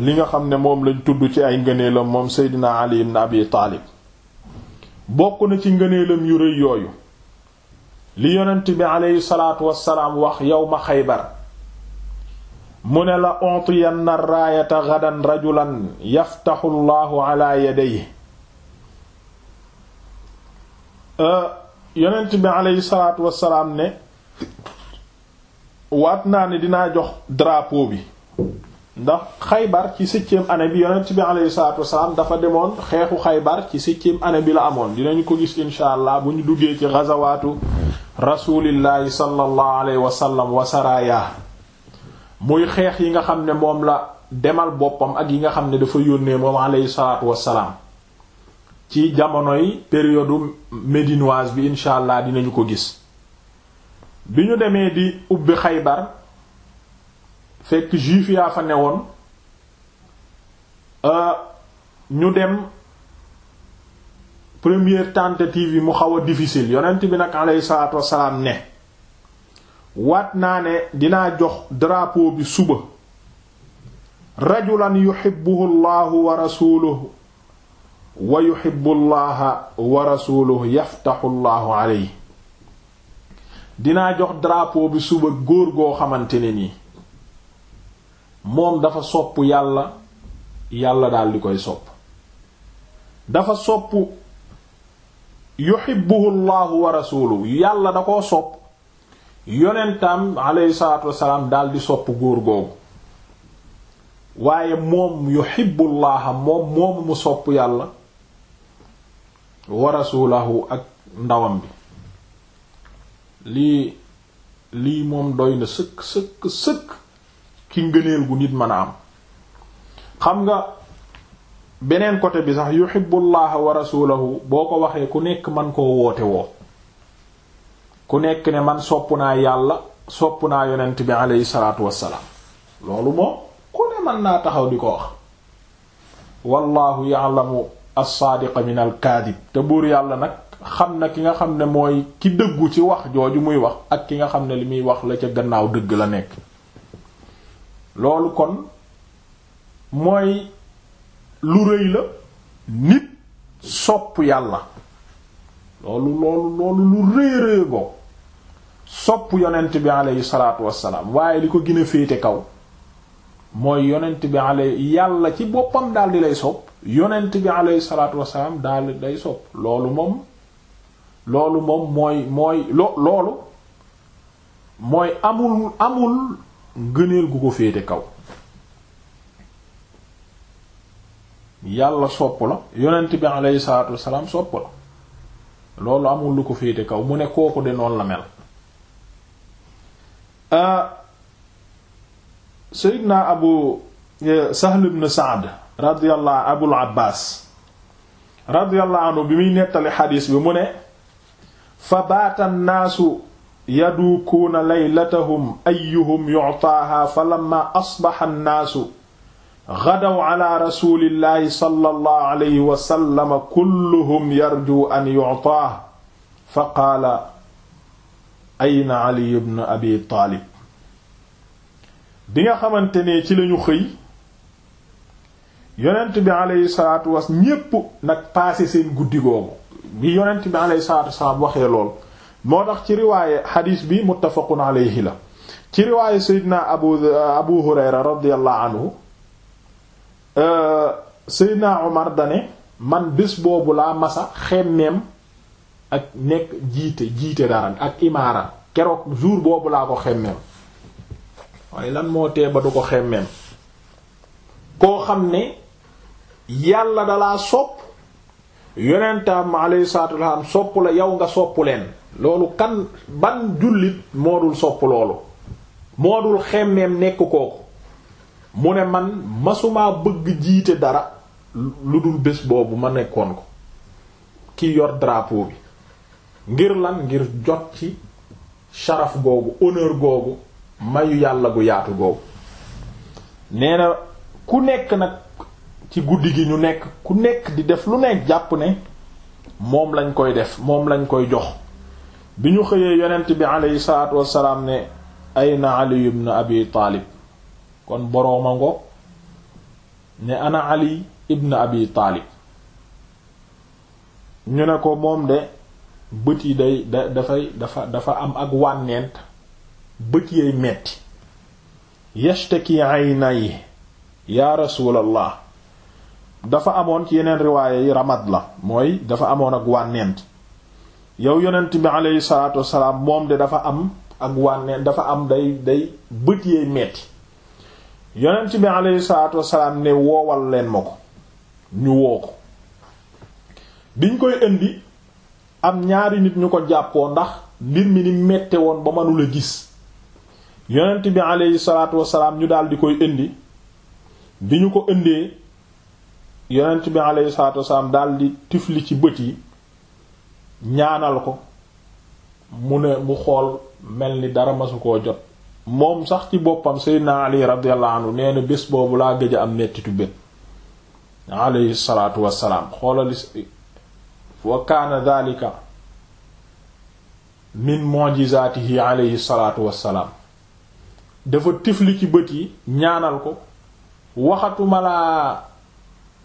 li nga xam ne moom lañ tudd ci ay ngëneelam moom Seydina Ali ibn Abi Taalib bokk na ci ngëneelam yu rëy yooyu li yonent bi aleyhi salaatu wassalaam wax yow ma Xaybar mu ne la ontiyanna raayata gadan rajulan yaftaxu llahu ala yadayhi euh, yonent bi aleyhi salaatu wasalaam ne waat naa ne dinaa jox drapeau bi ndax xaybar ci septième année bi yonent bi aleyhi salaatu wasalaam dafa demoon xeexu xaybar ci septième année bi la amoon dinañu ko gis insha allah bu ñu duggee ci gazawaatu rasulillahi sallallahu alayhi wa sallam muy xeex yi nga xam ne moom la demal boppam ak yi nga xam ne dafa yónnee moom aleyhi salaatu wassalaam ci jamonoy période médinoise bi incha allah dinañu ko gis bi ñu demee di ubbi xaybar fekk juif yaa fa ne woon euh, ñu dem première tentative yi mu xaw a difficile yonent bi nag aleyhi salaatu wassalaam ne waat naa ne dinaa jox drapeau bi suba rajulan yuhibbuhu llahu wa rasuluhu wa yuhibbu llaha wa rasuluhu yaftaxu llahu aleyhi dinaa jox drapeau bi suba góor goo xamante ne nii moom dafa sopp yàlla yàlla daal di koy sopp dafa sopp yuhibbuhu llahu wa rasuluhu yàlla da koo sopp yonentam aleyhi salaatu wasalaam daldi sopp góor googu waaye moom yuhibbullaha moom moomu sopp yàlla wa ak ndawam bi lii lii moom doy na sëkk sëkk sëkk ki ngëneel gu nit mën am xam nga beneen côté bi sax yuhibbullaha wa rasulahu boo ko waxee ku nekk man koo woote woo ku nekk ne man sopp naa yàlla sopp naa yonent bi aleyhi salaatu wassalaam loolu moom ku ne mën naa taxaw di ko wax wallahu ya'lamu as-saadiqa min al te buur yàlla nag xam na ki nga xam ne mooy ki dëggu ci wax jooju muy wax ak ki nga xam ne li muy wax la ca gannaaw dëgg la nekk loolu kon mooy lu rëy la nit sopp yàlla loolu loolu loolu lu rëy rëy bokk sopp yonent bi aleyhi salaatu wassalaam waaye li ko gën a féete kaw mooy yonent bi aley yàlla ci boppam daal di lay sopp yonent bi aleyhi salaatu wassalaam daal di lay sopp loolu moom loolu moom mooy mooy lo loolu mooy amul amul ngëneel gu ko féete kaw yàlla sopp la yonent bi aleyhi salaatu wassalaam sopp la loolu amul lu ko féete kaw mu ne kooku de noonu la mel Seydina Abu e, Sahl ibn Sa'd radiyallahu Abul Abbas radiyallahu anhu bi muy nettali xadiis bi mu ne fa baata nnaasu yaduukuuna laylatahum ayyuhum yu'taaha falamma asbaha nnaasu gadaw ala rasulillahi sallallahu alayhi wa sallam kulluhum yarju an yu'taaha fa qaala ay ali ibn abi taalib bi nga xamante ne ci lañu xëy yonent bi alayhi salaatu was ñépp nag paase seen guddi googu bi yonent bi alayhi salaatu wasalaam waxee lool moo tax ci riwaaye xadiis bi muttafaqun alayhi la ci riwaaye seydina abu abu hurayra radiyallahu anhu euh, seydina omar dane man bés boobu laa masa xemmeem ak nekk jiite jiite dara ak imaara keroog jour boobu laa ko xemmeem waaye lan moo tee du ko xemmeem koo xam ne yàlla dalaa sopp yonentam alayhi salaatu wasallam sopp la yow nga sopp leen loolu kan ban jullit moo dul sopp loolu moo dul xemmeem nekk kooku mu ne man masumaa bëgg jiite dara lu dul bés boobu ma nekkoon ko ki yor drapeau bi ngir lan ngir jot ci sharaf googu honneur googu mayu yàlla gu yaatu googu nee na ku nekk nag ci guddi gi ñu nekk ku nekk di def lu nekk jàpp ne moom lañ koy def moom lañ koy jox bi ñu xëyee yonent bi aleyhi salaatu wassalaam ne ayna ali ibn abi taalib kon borooma ngo ne ana ali ibn abi taalib ñu ne ko moom de bët yi day da dafay dafa dafa am ak wànneent bët yay metti yashtaki aynay ya rasulallah dafa amoon ci yeneen riwaaya yi ramat la mooy dafa amoon ak wànneent yow yonent bi aleyhi salaatu wasalaam moom de dafa am ak wànneen dafa am day day bët yee metti yonent bi aleyhi salaatu wasalaam ne woowal leen ma ko ñu woo ko biñ koy indi am ñaari nit ñu ko jàppoo ndax mbir mi ni mette woon ba mënula gis yonent bi aleyhi salaatu ñu daal di koy indi bi ñu ko indee yonent bi aleyhi salaatu wasalaam daal tifli ci bët yi ñaanal ko mu ne mu xool mel ni dara masu ko jot moom sax ci boppam seydna ali radiyallahu anhu bés boobu laa gëj am mettitu bët aleyhi salaatu xoolali wa kaana dhalika min mu'jizatihi alayhi salaatu wassalaam dafa tifli ci bët yi ñaanal ko waxatuma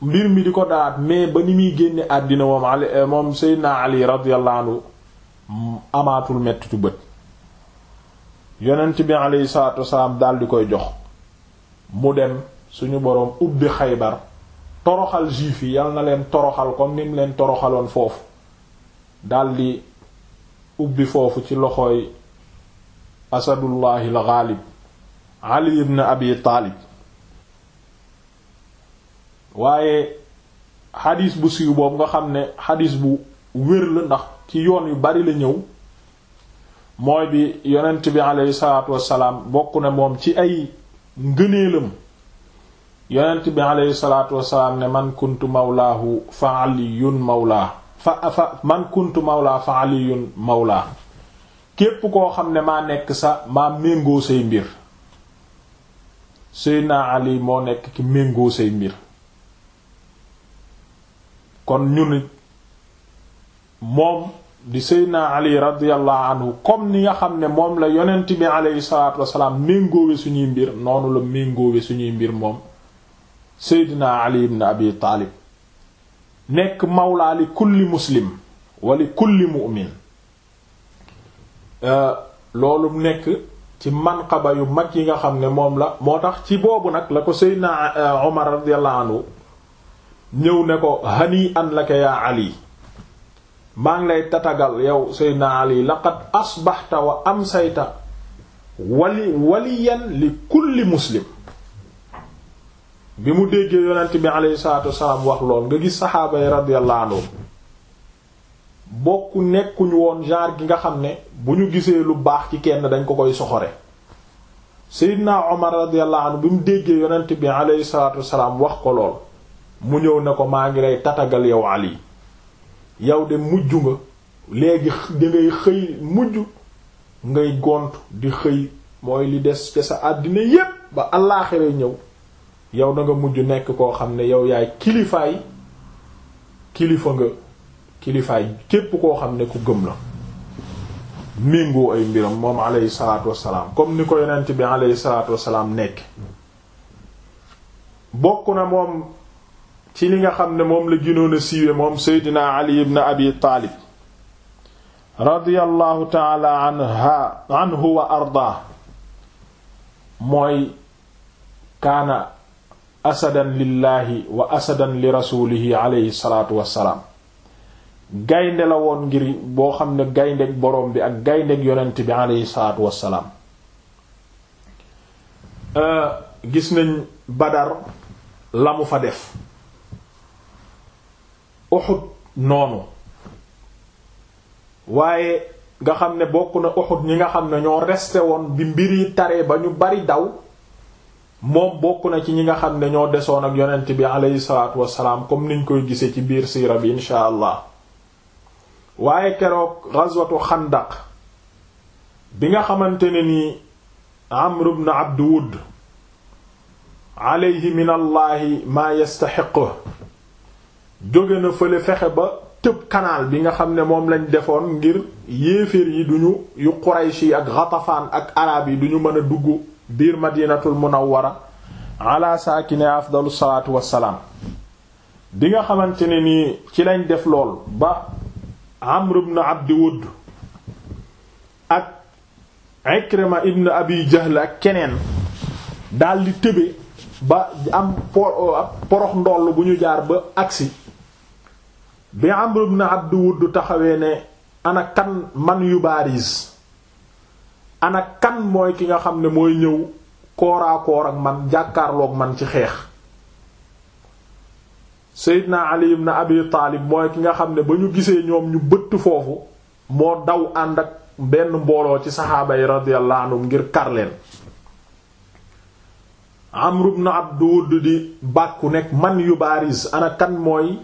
mbir mi di ko daat mais ba ni muy génne àddina moom ali eh, moom seydina ali radiyallahu anhu amaatul mettitu bët yonent bi alayhi salaatu wassalaam dal di koy jox mu dem suñu boroom ubbi xaybar toroxal juif yi yal na leen toroxal comme ni leen toroxaloon foofu daldi ubbi foofu ci loxooy asadullahi al ghalib ali ibn abi taalib waaye xadis bu siiw boobu nga xam ne xadis bu wér la ndax ci yoon yu bari la ñëw mooy bi yonent bi aleyhi salaatu wassalaam bokk na moom ci ay ngëneelam yonent bi aleyhi salaatu wasalaam ne man kuntu mawlaahu fa aliyun mawlaa fa fa man kuntu mawlaa fa aliyun mawlaa képp koo xam ne maa nekk sa maa méngoo say mbir Seydina Ali moo nekk ki méngoo say mbir kon ñun moom di Seydina Ali radiyallahu anhu comme ni nga xam ne moom la yonent bi aleyhi salaatu wasalaam méngoowe suñuy mbir noonu la méngoowe suñuy mbir moom seydina ali ibn abi nekk mawlaa li kulli muslim wa li kulli mu'min euh, loolu nekk ci manqaba yu mag yi nga xam ne moom la moo tax ci boobu nag la ko seydina euh, omar ñëw ne ko hani an yaa ali maa ngi lay tatagal yow seydina ali laqad asbaxta wa amsayta wali waliyan li kulli muslim bi mu déggee yonent bi alayhi salaatu wasalaam wax lool nga gis saxaaba yi radiyallahu bokk nekkuñu woon genre gi nga xam ne bu ñu gisee lu baax ci kenn dañ ko koy soxore Seydina Omar radiyallahu anhu bi mu déggee yonent bi alayhi salaatu wasalaam wax ko lool mu ñëw ne ko maa ngi lay tatagal yow Ali yow de mujj nga léegi dangay xëy mujj ngay gont di xëy mooy li des ci sa àddina yépp ba allaaxira ñëw yow danga mujj nekk koo xam ne yow yaay kilifaay kilifa nga kilifaay képp koo xam ne ku gëm la méngoo ay mbiram moom alayhi salaatu wassalaam comme ni ko yonent bi alayhi salaatu wassalaam nekk bokk na moom ci li nga xam ne moom la gënoon a siiwe moom seydina ali ibn abi taalib radiyallahu taala anha anhu wa ardaa mooy kaana asadan lillaahi wa asadan li rasuulihi aleyhi salaatu wassalaam gaynde la woon ngir boo xam ne gayndeeg boroom bi ak gayndeeg yonent bi aleyhi salaatu wassalaam euh, gis nañ Badar la mu fa def Uhud noonu waaye nga xam ne bokk na Uhud ñi nga xam ne ñoo resté woon bi mbir yi tare ba ñu bari daw moom bokk na ci ñi nga xam ne ñoo desoon ak yonent bi aleyhi salaatu wassalaam comme niñ koy gisee ci biir siira bi inshaa waaye keroog ghazwatu xandaq bi nga xamante ne ni amr ibn abd wudd aleyhi min allaahi maa yastaxiqu jóge na fële fexe ba tëb kanaal bi nga xam ne moom lañ defoon ngir yéeféer yi duñu yu quraysh ak ghatafaan ak araab yi duñu mën a dugg biir madinatul munawwara ala saakine afdalu salaatu wassalaam bi nga xamante ne nii ci lañ def lool ba amr ibn abdi wudd ak ikrima ibn abi ak keneen daldi tëbe ba am porox ndoll bu ñu jaar ba agsi bi amr ibn abdi wudd taxawee ne ana kan man yu baaris ana kan mooy ki nga xam ne mooy ñëw kooraakoor ak man jàkkaarlook man ci xeex Seydina Ali ibn Abi Taalib mooy ki nga xam ne ba ñu gisee ñoom ñu bëtt foofu moo daw ànd ak benn mbooloo ci saxaaba yi radiyallahu ngir kar leen Amr ibn Abd Wudd di bàkku nekk man yu baaris ana mooy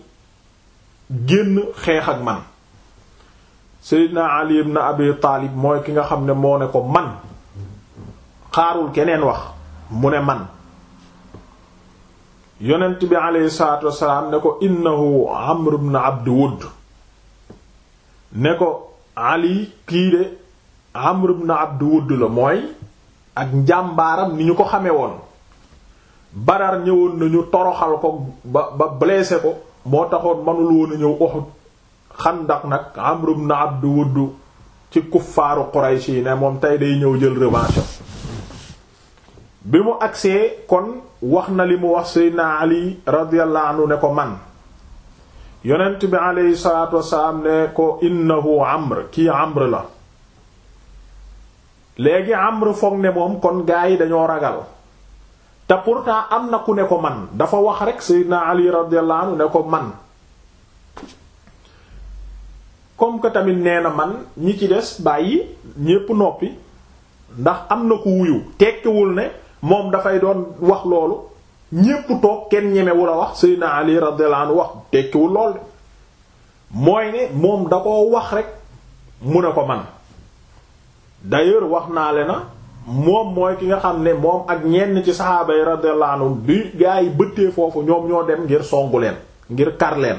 génn xeex ak man Seydina Ali ibn Abi Taalib mooy ki nga xam ne moo ne ko man xaarul keneen wax mu ne man yonent bi aleyhi salaatu wassalaam ne ko innahu Amr ibn Abd Wudd ne ko Ali kii de Amr ibn Abd Wudd la mooy ak njàmbaaram ni ñu ko xame woon Badar ñëwoon nañu toroxal ko ba ba blessé ko moo taxoon manul woon ñëw xandax nag Amr ibn Abd Wudd ci kuffaaru Quraysh yi ne moom tey day ñëw jël revanche bi mu agsee kon wax na li mu wax Seydina Ali radiyallahu anhu ne ko man yonent bi aleyhi salaatu wasalaam ne ko innahu Amr kii Amr la léegi Amr foog ne moom kon gaa yi dañoo ragal te pourtant am na ku ne ko man dafa wax rek Seydina Ali radiyallahu anhu ne ko man comme que tamit nee na man ñi ci des bàyyi ñépp noppi ndax am na ku wuyu tekkiwul ne moom dafay doon wax loolu ñépp toog kenn ñemewu la wax Seydina Ali radiyallahu wax tekkiwul lool de mooy ne moom da ko wax rek mu ne ko man d'ailleurs wax naa le na moom mooy ki nga xam ne moom ak ñenn ci saxaaba yi radiyallahu bi gaa yi bëttee foofu ñoom ñoo dem ngir songu leen ngir kar leen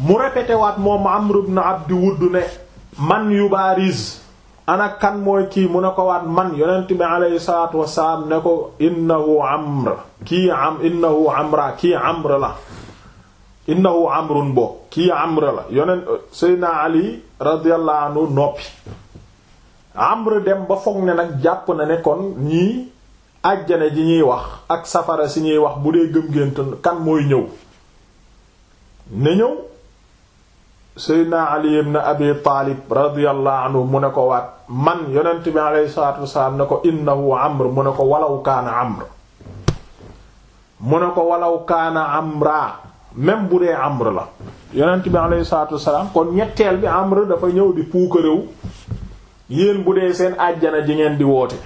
mu répété waat moom Amr ibn Abdi Wudd ne man yubariz ana kan mooy kii mu ne ko waat man yonent bi alayhi salaatu wasalaam ne ko innahu Amr Amra kii Amr la innahu Amrun bo kii Amr la yonent Seydina Ali radiyallahu anhu noppi Amr dem ba foog ne nag jàpp na ne kon ñii àjjana ji ñuy wax ak safara si ñuy wax bu dee gëm gént kan mooy ñëw ne ñëw seydna ali ibn abi taalib radiyallahu anhu mu ne ko waat man yonent bi alayhi salaatu wasalaam ne ko innahu amr mu ne ko walaw kaana amr mu ne ko walaw kaana amra même bu dee amr la yonent bi alayhi salaatu wasalaam kon ñetteel bi amr dafa ñëw di puukaréew yéen bu dee seen àjjana ji ngeen di woote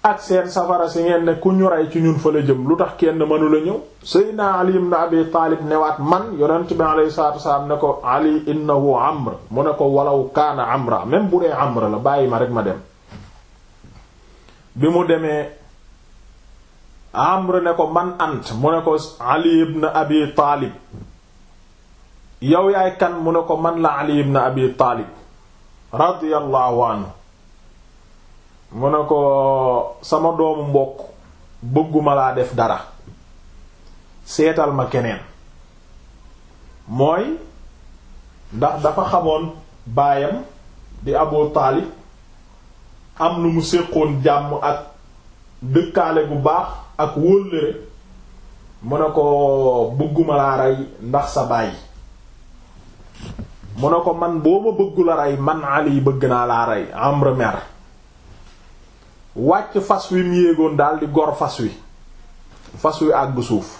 ak seen safara si ngeen ne ku ñu ci ñun fa la jëm lu tax kenn mënu la ñëw Seydina Ali ibn Taalib newaat man yonent bi alayhi salaatu wasalaam ne amr mu ne ko walaw kaana amra même bu dee amra la bàyyi ma rek ma dem bi mu demee amr ne ko man ant mu ne ko Ali ibn Abi Taalib yow yaay kan mu ne ko man la Ali ibn Abi Taalib radiyallahu anhu mu ne ko sama doomu mbokk bëgguma laa def dara seetal ma keneen mooy ndax dafa xamoon baayam di Abu Taalib am nu mu séqoon jàmm ak dëkkaale bu baax ak wóllëre mu ne ko bëgguma laa rey ndax sa baay mu ne ko man boo ma bëggu la rey man Ali bëgg naa laa rey Amr mer wàcc fas wi mu yéegoon daal gor fas wi fas wi bu suuf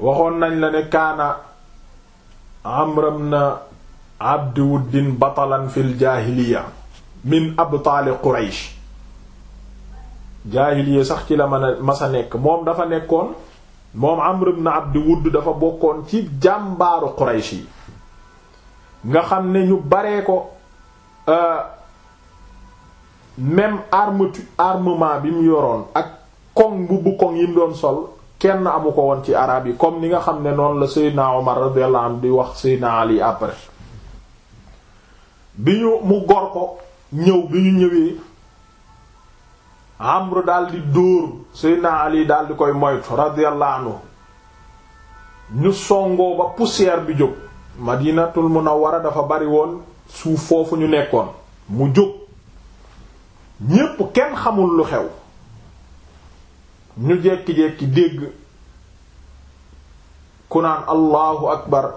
waxoon nañ la ne kaana amram na abdi wuddin batalan fil jaahiliya min abtaali quraysh jaahiliya sax ci la mën a nekk moom dafa nekkoon moom amr ibn abdi wudd dafa bokkoon ci jàmbaaru quraysh yi nga xam ne ñu baree ko euh, même arme bi mu yoroon ak koŋ bu koŋ yi doon sol kenn amu ko woon ci arab yi comme ni nga xam ne noonu la Seydina Omar radiyallahu anhu di wax Seydina Ali après bi ñu mu gor ko ñëw bi ñu ñëwee Amr daal di dóor Seydina Ali daal di koy moytu radiyallahu anhu ñu songoo ba poussière bi jóg Madinatul Munawwara dafa bari woon suuf foofu ñu nekkoon mu jóg ñépp kenn xamul lu xew ñu jekki-jekki dégg ku naan allahu akbar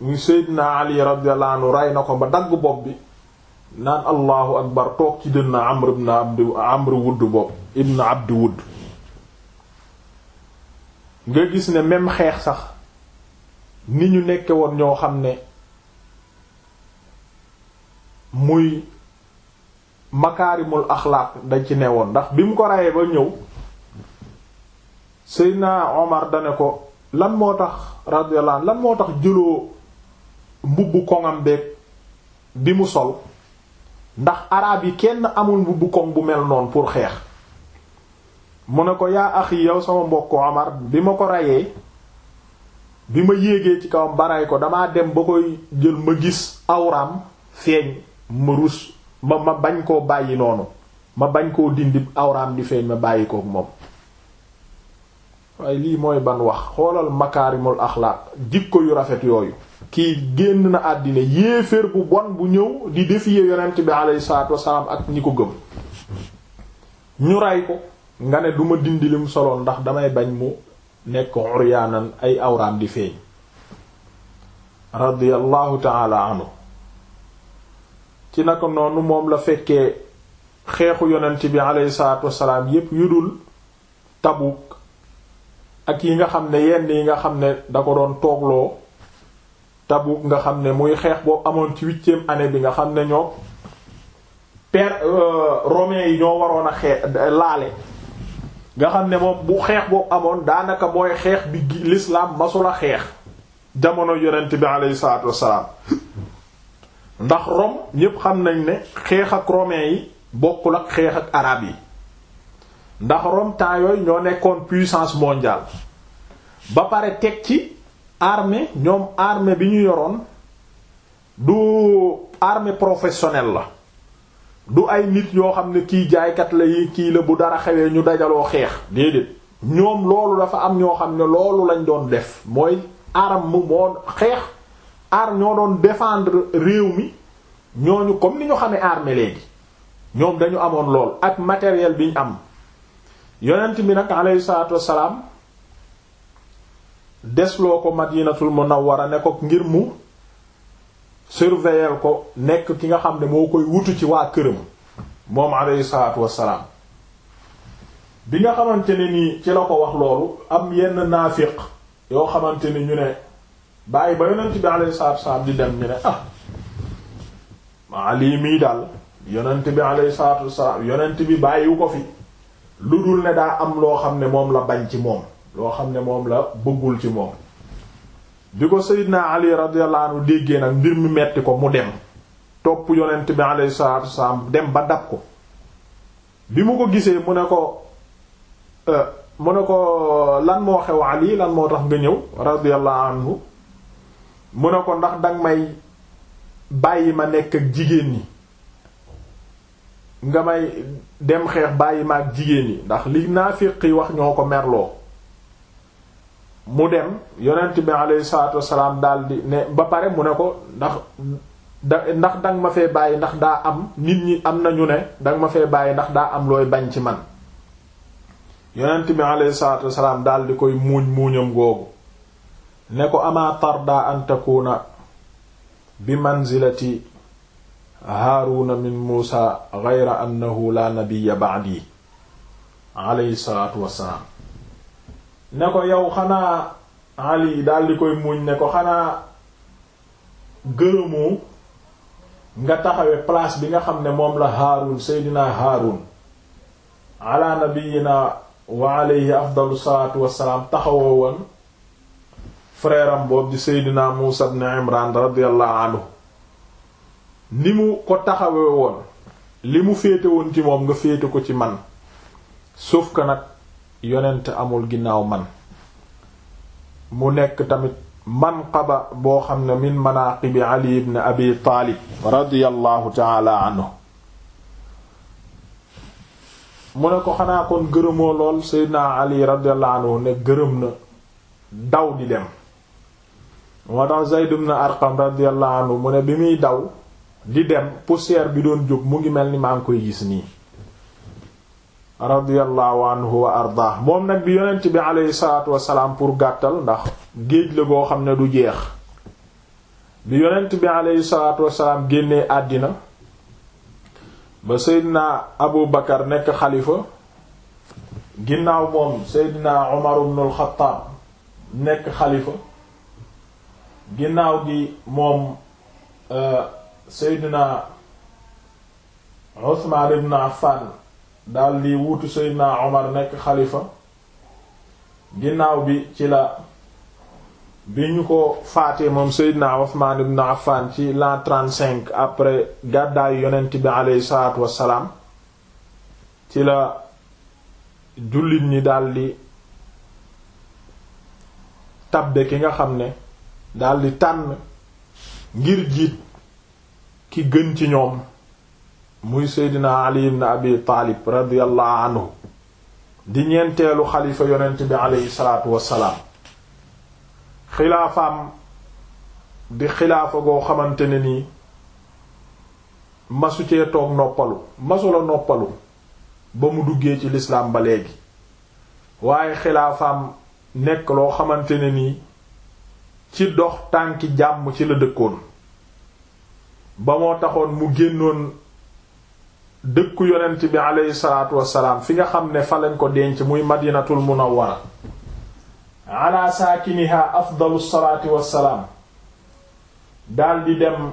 ñu seydina ali radiyallahu anhu ray na ko ba dagg bopp bi naan allahu akbar toog ci dënna amr ibn abd amr wudd bopp ibn abd wudd nga gis ne même xeex sax ni ñu nekke woon ñoo xam ne muy makaarimul axlaaq dañ ci newoon ndax bi mu ko rayee ba ñëw Seydina Omar dane ko lan moo tax radiyallahu anhu lan moo tax jëloo mbubbu koŋam beeg bi mu sol ndax araab yi kenn amul mbubbu koŋ bu mel noonu pour xeex mu ne ko yaa axi yow sama mbokk Omar bi ma ko rayee bi ma yéegee ci kawam baray ko damaa dem ba koy jël ma gis awraam feeñ ma rus ma ma bañ koo bàyyi noonu ma bañ koo dindi awraam di feeñ ma bàyyi kook moom waaye lii mooy ban wax xoolal makaarimul axlaaq jikko yu rafet yooyu kii génn na àddina yéeféer bu bon bu ñëw di défier yonent bi alayhi salaatu wasalaam ak ñi ko gëm ñu ray ko nga ne duma dindi lim soloon ndax damay bañ mu nekk uryaanan ay awraam di feeñ radiyallahu ta'ala anhu ci naka noonu moom la fekkee xeexu yonent bi aleyhi salaatu wasalaam yépp yudul Tabuk ak yi nga xam ne yenn yi nga xam ne da ko doon toogloo Tabuk nga xam ne muy xeex boobu amoon ci huitième année bi nga xam ne ñoo per euh, romain yi ñoo waroon a xeex laale nga xam ne moom bu xeex boobu amoon daanaka mooy xeex bi l'islam masula xeex jamono yonent bi aleyhi salaatu wasalaam ndax Rome ñépp xam nañ ne xeex ak romain yi bokkul ak xeex ak arabe yi ndax Rome temps yooyu ñoo nekkoon puissance mondiale ba pare teg ci armée ñoom arme bi ñu yoroon du arme professionnel la du ay nit yoo xam ne kii jaaykat la yi kii la bu dara xewee ñu dajaloo xeex déedéet ñoom loolu dafa am ñoo xam ne loolu lañ doon def mooy arme moo xeex aar ñoo doon défendre réew mi ñooñu comme ni ñu xamee armée léegi ñoom dañu amoon lool ak matériel bi am yonent bi nag alayhi salaatu wassalaam desloo ko madinatul munawwara ne ko ngir mu surveiller ko nekk ki nga xam ne moo koy wutu ci waa këram moom alayhi salaatu wassalaam bi nga xamante ne nii ci la ko wax loolu am yenn naafiq yoo xamante ni ñu ne bàyyi ba yonent bi alayhi salaatu wasalaam di dem ñu ne ah maa lii mii daal yonent bi alayhi salaatu wasalaam yonent bi bàyyiwu ko fi lu dul ne daa am loo xam ne moom la bañ ci moom loo xam ne moom la bëggul ci moom bi ko Seydina Ali radiyallahu anhu déggee nag mbir mu metti ko mu dem topp yonent bi alayhi salaatu wasalaam dem ba dab ko bi mu ko gisee mu ne ko euh, mu ne ko lan moo xew Ali lan moo tax nga ñëw radiyallahu anhu mu ne ko ndax danga may bàyyi ma nekk ak jigéen ñi nga may dem xeex bàyyi ma ak jigéen ñi ndax li naa yi wax ñoo ko merloo mu dem yonent bi alayhi salaatu wassalaam daldi ba pare mu ne ko ndax da ndax ma fee bàyyi ndax daa am nit ñi am nañu ne danga ma fee bàyyi ndax daa am looy bañ ci man yonent bi alayhi salaatu wassalaam daldi koy muuñ muuñam googu ne ko amaa tarda an bi manzilati haaruna min muusa geyra annahu la nabiya ba'di alayhi salaatu wassalaam ne ko yow xanaa ali daldi koy muñ ne ko xanaa gërëmoo nga taxawe place bi nga xam ne moom la haarun seydina haarun ala nabiyina wa alayhi afdalu salaatu wassalaam taxawoo woon frère am boobu di Seydina Muusa ibn Imran radiyallahu anhu ni mu ko taxawe woon li mu féete woon ci moom nga féete ko ci man suuf ka nag yonent amul ginnaaw man mu nekk tamit manqaba boo xam ne min manaaqibi Ali ibn Abi Taalib radiyallahu ta'ala anhu mu ne ko xanaa kon gërëmoo lool Seydina Ali radiyallahu anhu ne gërëm na daw di dem moo tax Zayd ibn Arqam anhu mu ne bi muy daw di dem poussière bi doon jóg mu ngi mel ni maa ngi koy gis nii radiyallahu anhu wa ardaah moom nag bi yonent bi aleyhi salaatu salaam pour gàttal ndax géej la goo xam ne du jeex bi yonent bi aleyhi salaatu wasalaam génnee àddina ba seydina abu bakar nekk xalifa ginnaaw moom seydina umar ibnul nekk xalifa ginnaaw gi moom euh, Seydina Usmaan ibn Affan daal di wuutu Seydina Omar nekk xalifa ginnaaw bi ci la bi ñu ko faatee moom Seydina Usmaan ibn Affan ci l'an trente-cinq après gàddaayu yonent bi aleyhi salaatu wassalaam ci la jullit ñi daal di tabbe ki nga xam ne daldi tànn ngir jiit ki gën ci ñoom muy seydina ali ibn abi taalib anhu di ñeenteelu xalifa yonent bi aleyhi salaatu wassalaam xilaafaam di xilaafa goo xamante ne nii masu cee toog noppalu masu la noppalu ba mu duggee ci lislaam ba léegi waaye xilaafaam nekk loo xamante ne nii ci dox tànki jàmm ci la dëkkoon ba moo taxoon mu génnoon dëkku yonent bi aleyhi salaatu wassalaam fi nga xam ne fa ko denc muy madinatul munawwara ala saakiniha afdalu salaati wassalaam daldi dem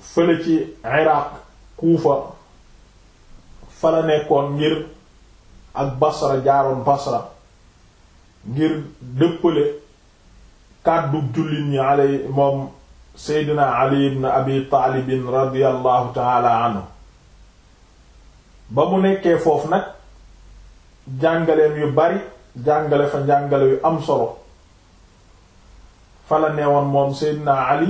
fële ci iraq kuufa fala nekkoon ngir ak basra jaaroon basra ngir dëppale kàddu jullit ñi alay moom seydina ali ibn abi taalibin radiallahu taala anhu ba mu nekkee foofu nag jàngaleem yu bari jàngale fa jàngale yu am solo fa la neewoon moom seydina ali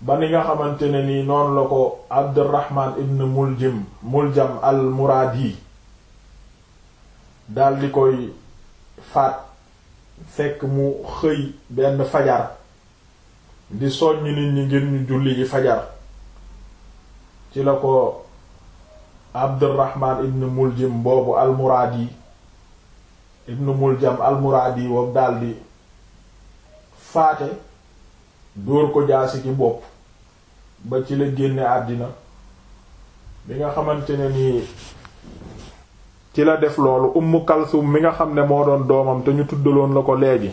ba ni nga xamante ne nii noonu la ko abdurrahman ibn muljam al muraadi dal di koy faat fekk mu xëy benn fajar di soññ nit ñi ngir ñu julli ji fajar ci la ko Abdurrahman ibn Muljim boobu almuraadi ibn Muljam almuraadi woom daldi faate dóor ko jaasi ci bopp ba ci la génne àddina bi nga xamante ne nii ci la def loolu Ummu Kalsum mi nga xam ne moo doon doomam te ñu tuddaloon la ko léegi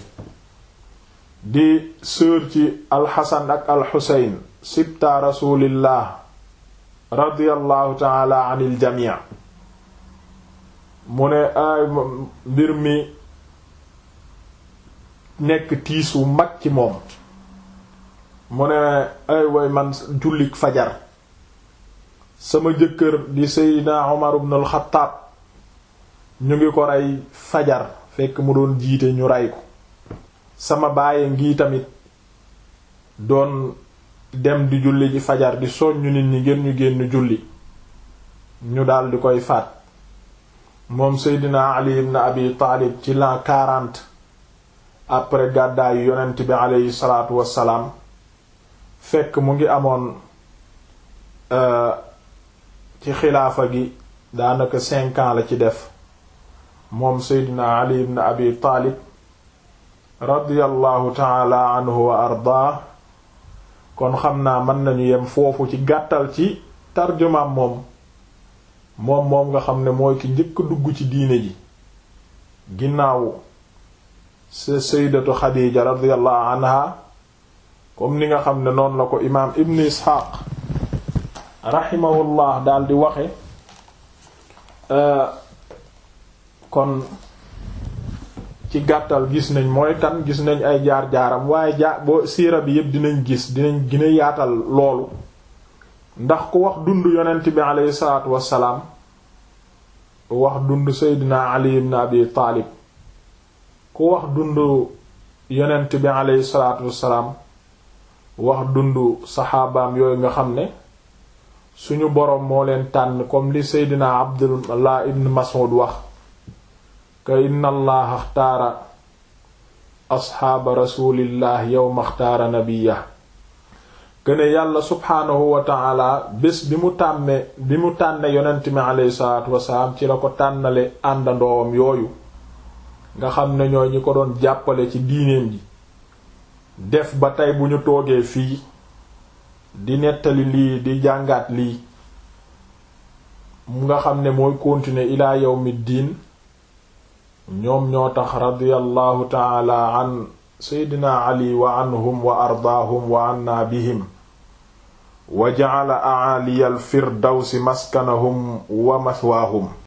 di sœur ci alxasan ak alxuseyn sibta rasulillah radiyallahu taala anil jamii mu ne ay mbir mi nekk tiis wu mag ci moom mu ne ay way man jullik fajar sama jëkkër di seydina Umar ibn xattaab ñu ngi ko rey fajar fekk mu doon jiite ñu rey ko sama bàyyi ngi tamit doon dem di julli ji fajar di ñu nit ñi ngir ñu génn julli ñu daldi koy faat moom seydina ali ibn abi taalib ci la quarante après gàddaayu yonent bi aleyhi salaatu wassalaam fekk mu ngi amoon euh, ci xilaafa gi daanaka cinq la ci def moom seydina ali ibn abi taalib radiyallahu taala anhu wa ardaa kon xam naa mën nañu yem foofu ci gàttal ci tarjumaam moom moom moom nga xam ne mooy ki njëkk a dugg ci diine ji ginnaaw sa saydatu xadiija radiyallahu anha comme ni nga xam ne noonu la ko imaam ibn isxaaq rahimahullah daal di waxe euh, kon ci gàttal gis nañ mooy kan gis nañ ay jaar-jaaram waaye jaar boo siira bi yépp dinañ gis dinañ gën yaatal loolu ndax ku wax dund yonent bi aleyhi salaatu wassalaam wax dund seydina ali ibn abi taalib ku wax dund yonent bi aleyhi salaatu salaam wax dund saxaabaam yooyu nga xam ne suñu boroom moo leen tànn comme li seydina abdullah ibn mas'ud wax ka inna allaha axtaara asxaaba rasulillah yowma axtaara nabiya këne yàlla subhaanahu wa taala bés bi mu tànne bi mu tànne yonent mi aleyhi salaatu wasalaam ci la ko tànnale àndandoowam yooyu nga xam ne ñoo ñi ko doon jàppale ci diineem ji def ba tey bu ñu toogee fii di nettali lii di jàngaat lii mu nga xam ne mooy continuer ilaa yawmi diin ñoom ñoo tax radiyallahu taala an seydina ali wa anhum wa ardaahum wa anna bihim wa ja'ala a'aliya al firdawsi maskanahum wa mathwaahum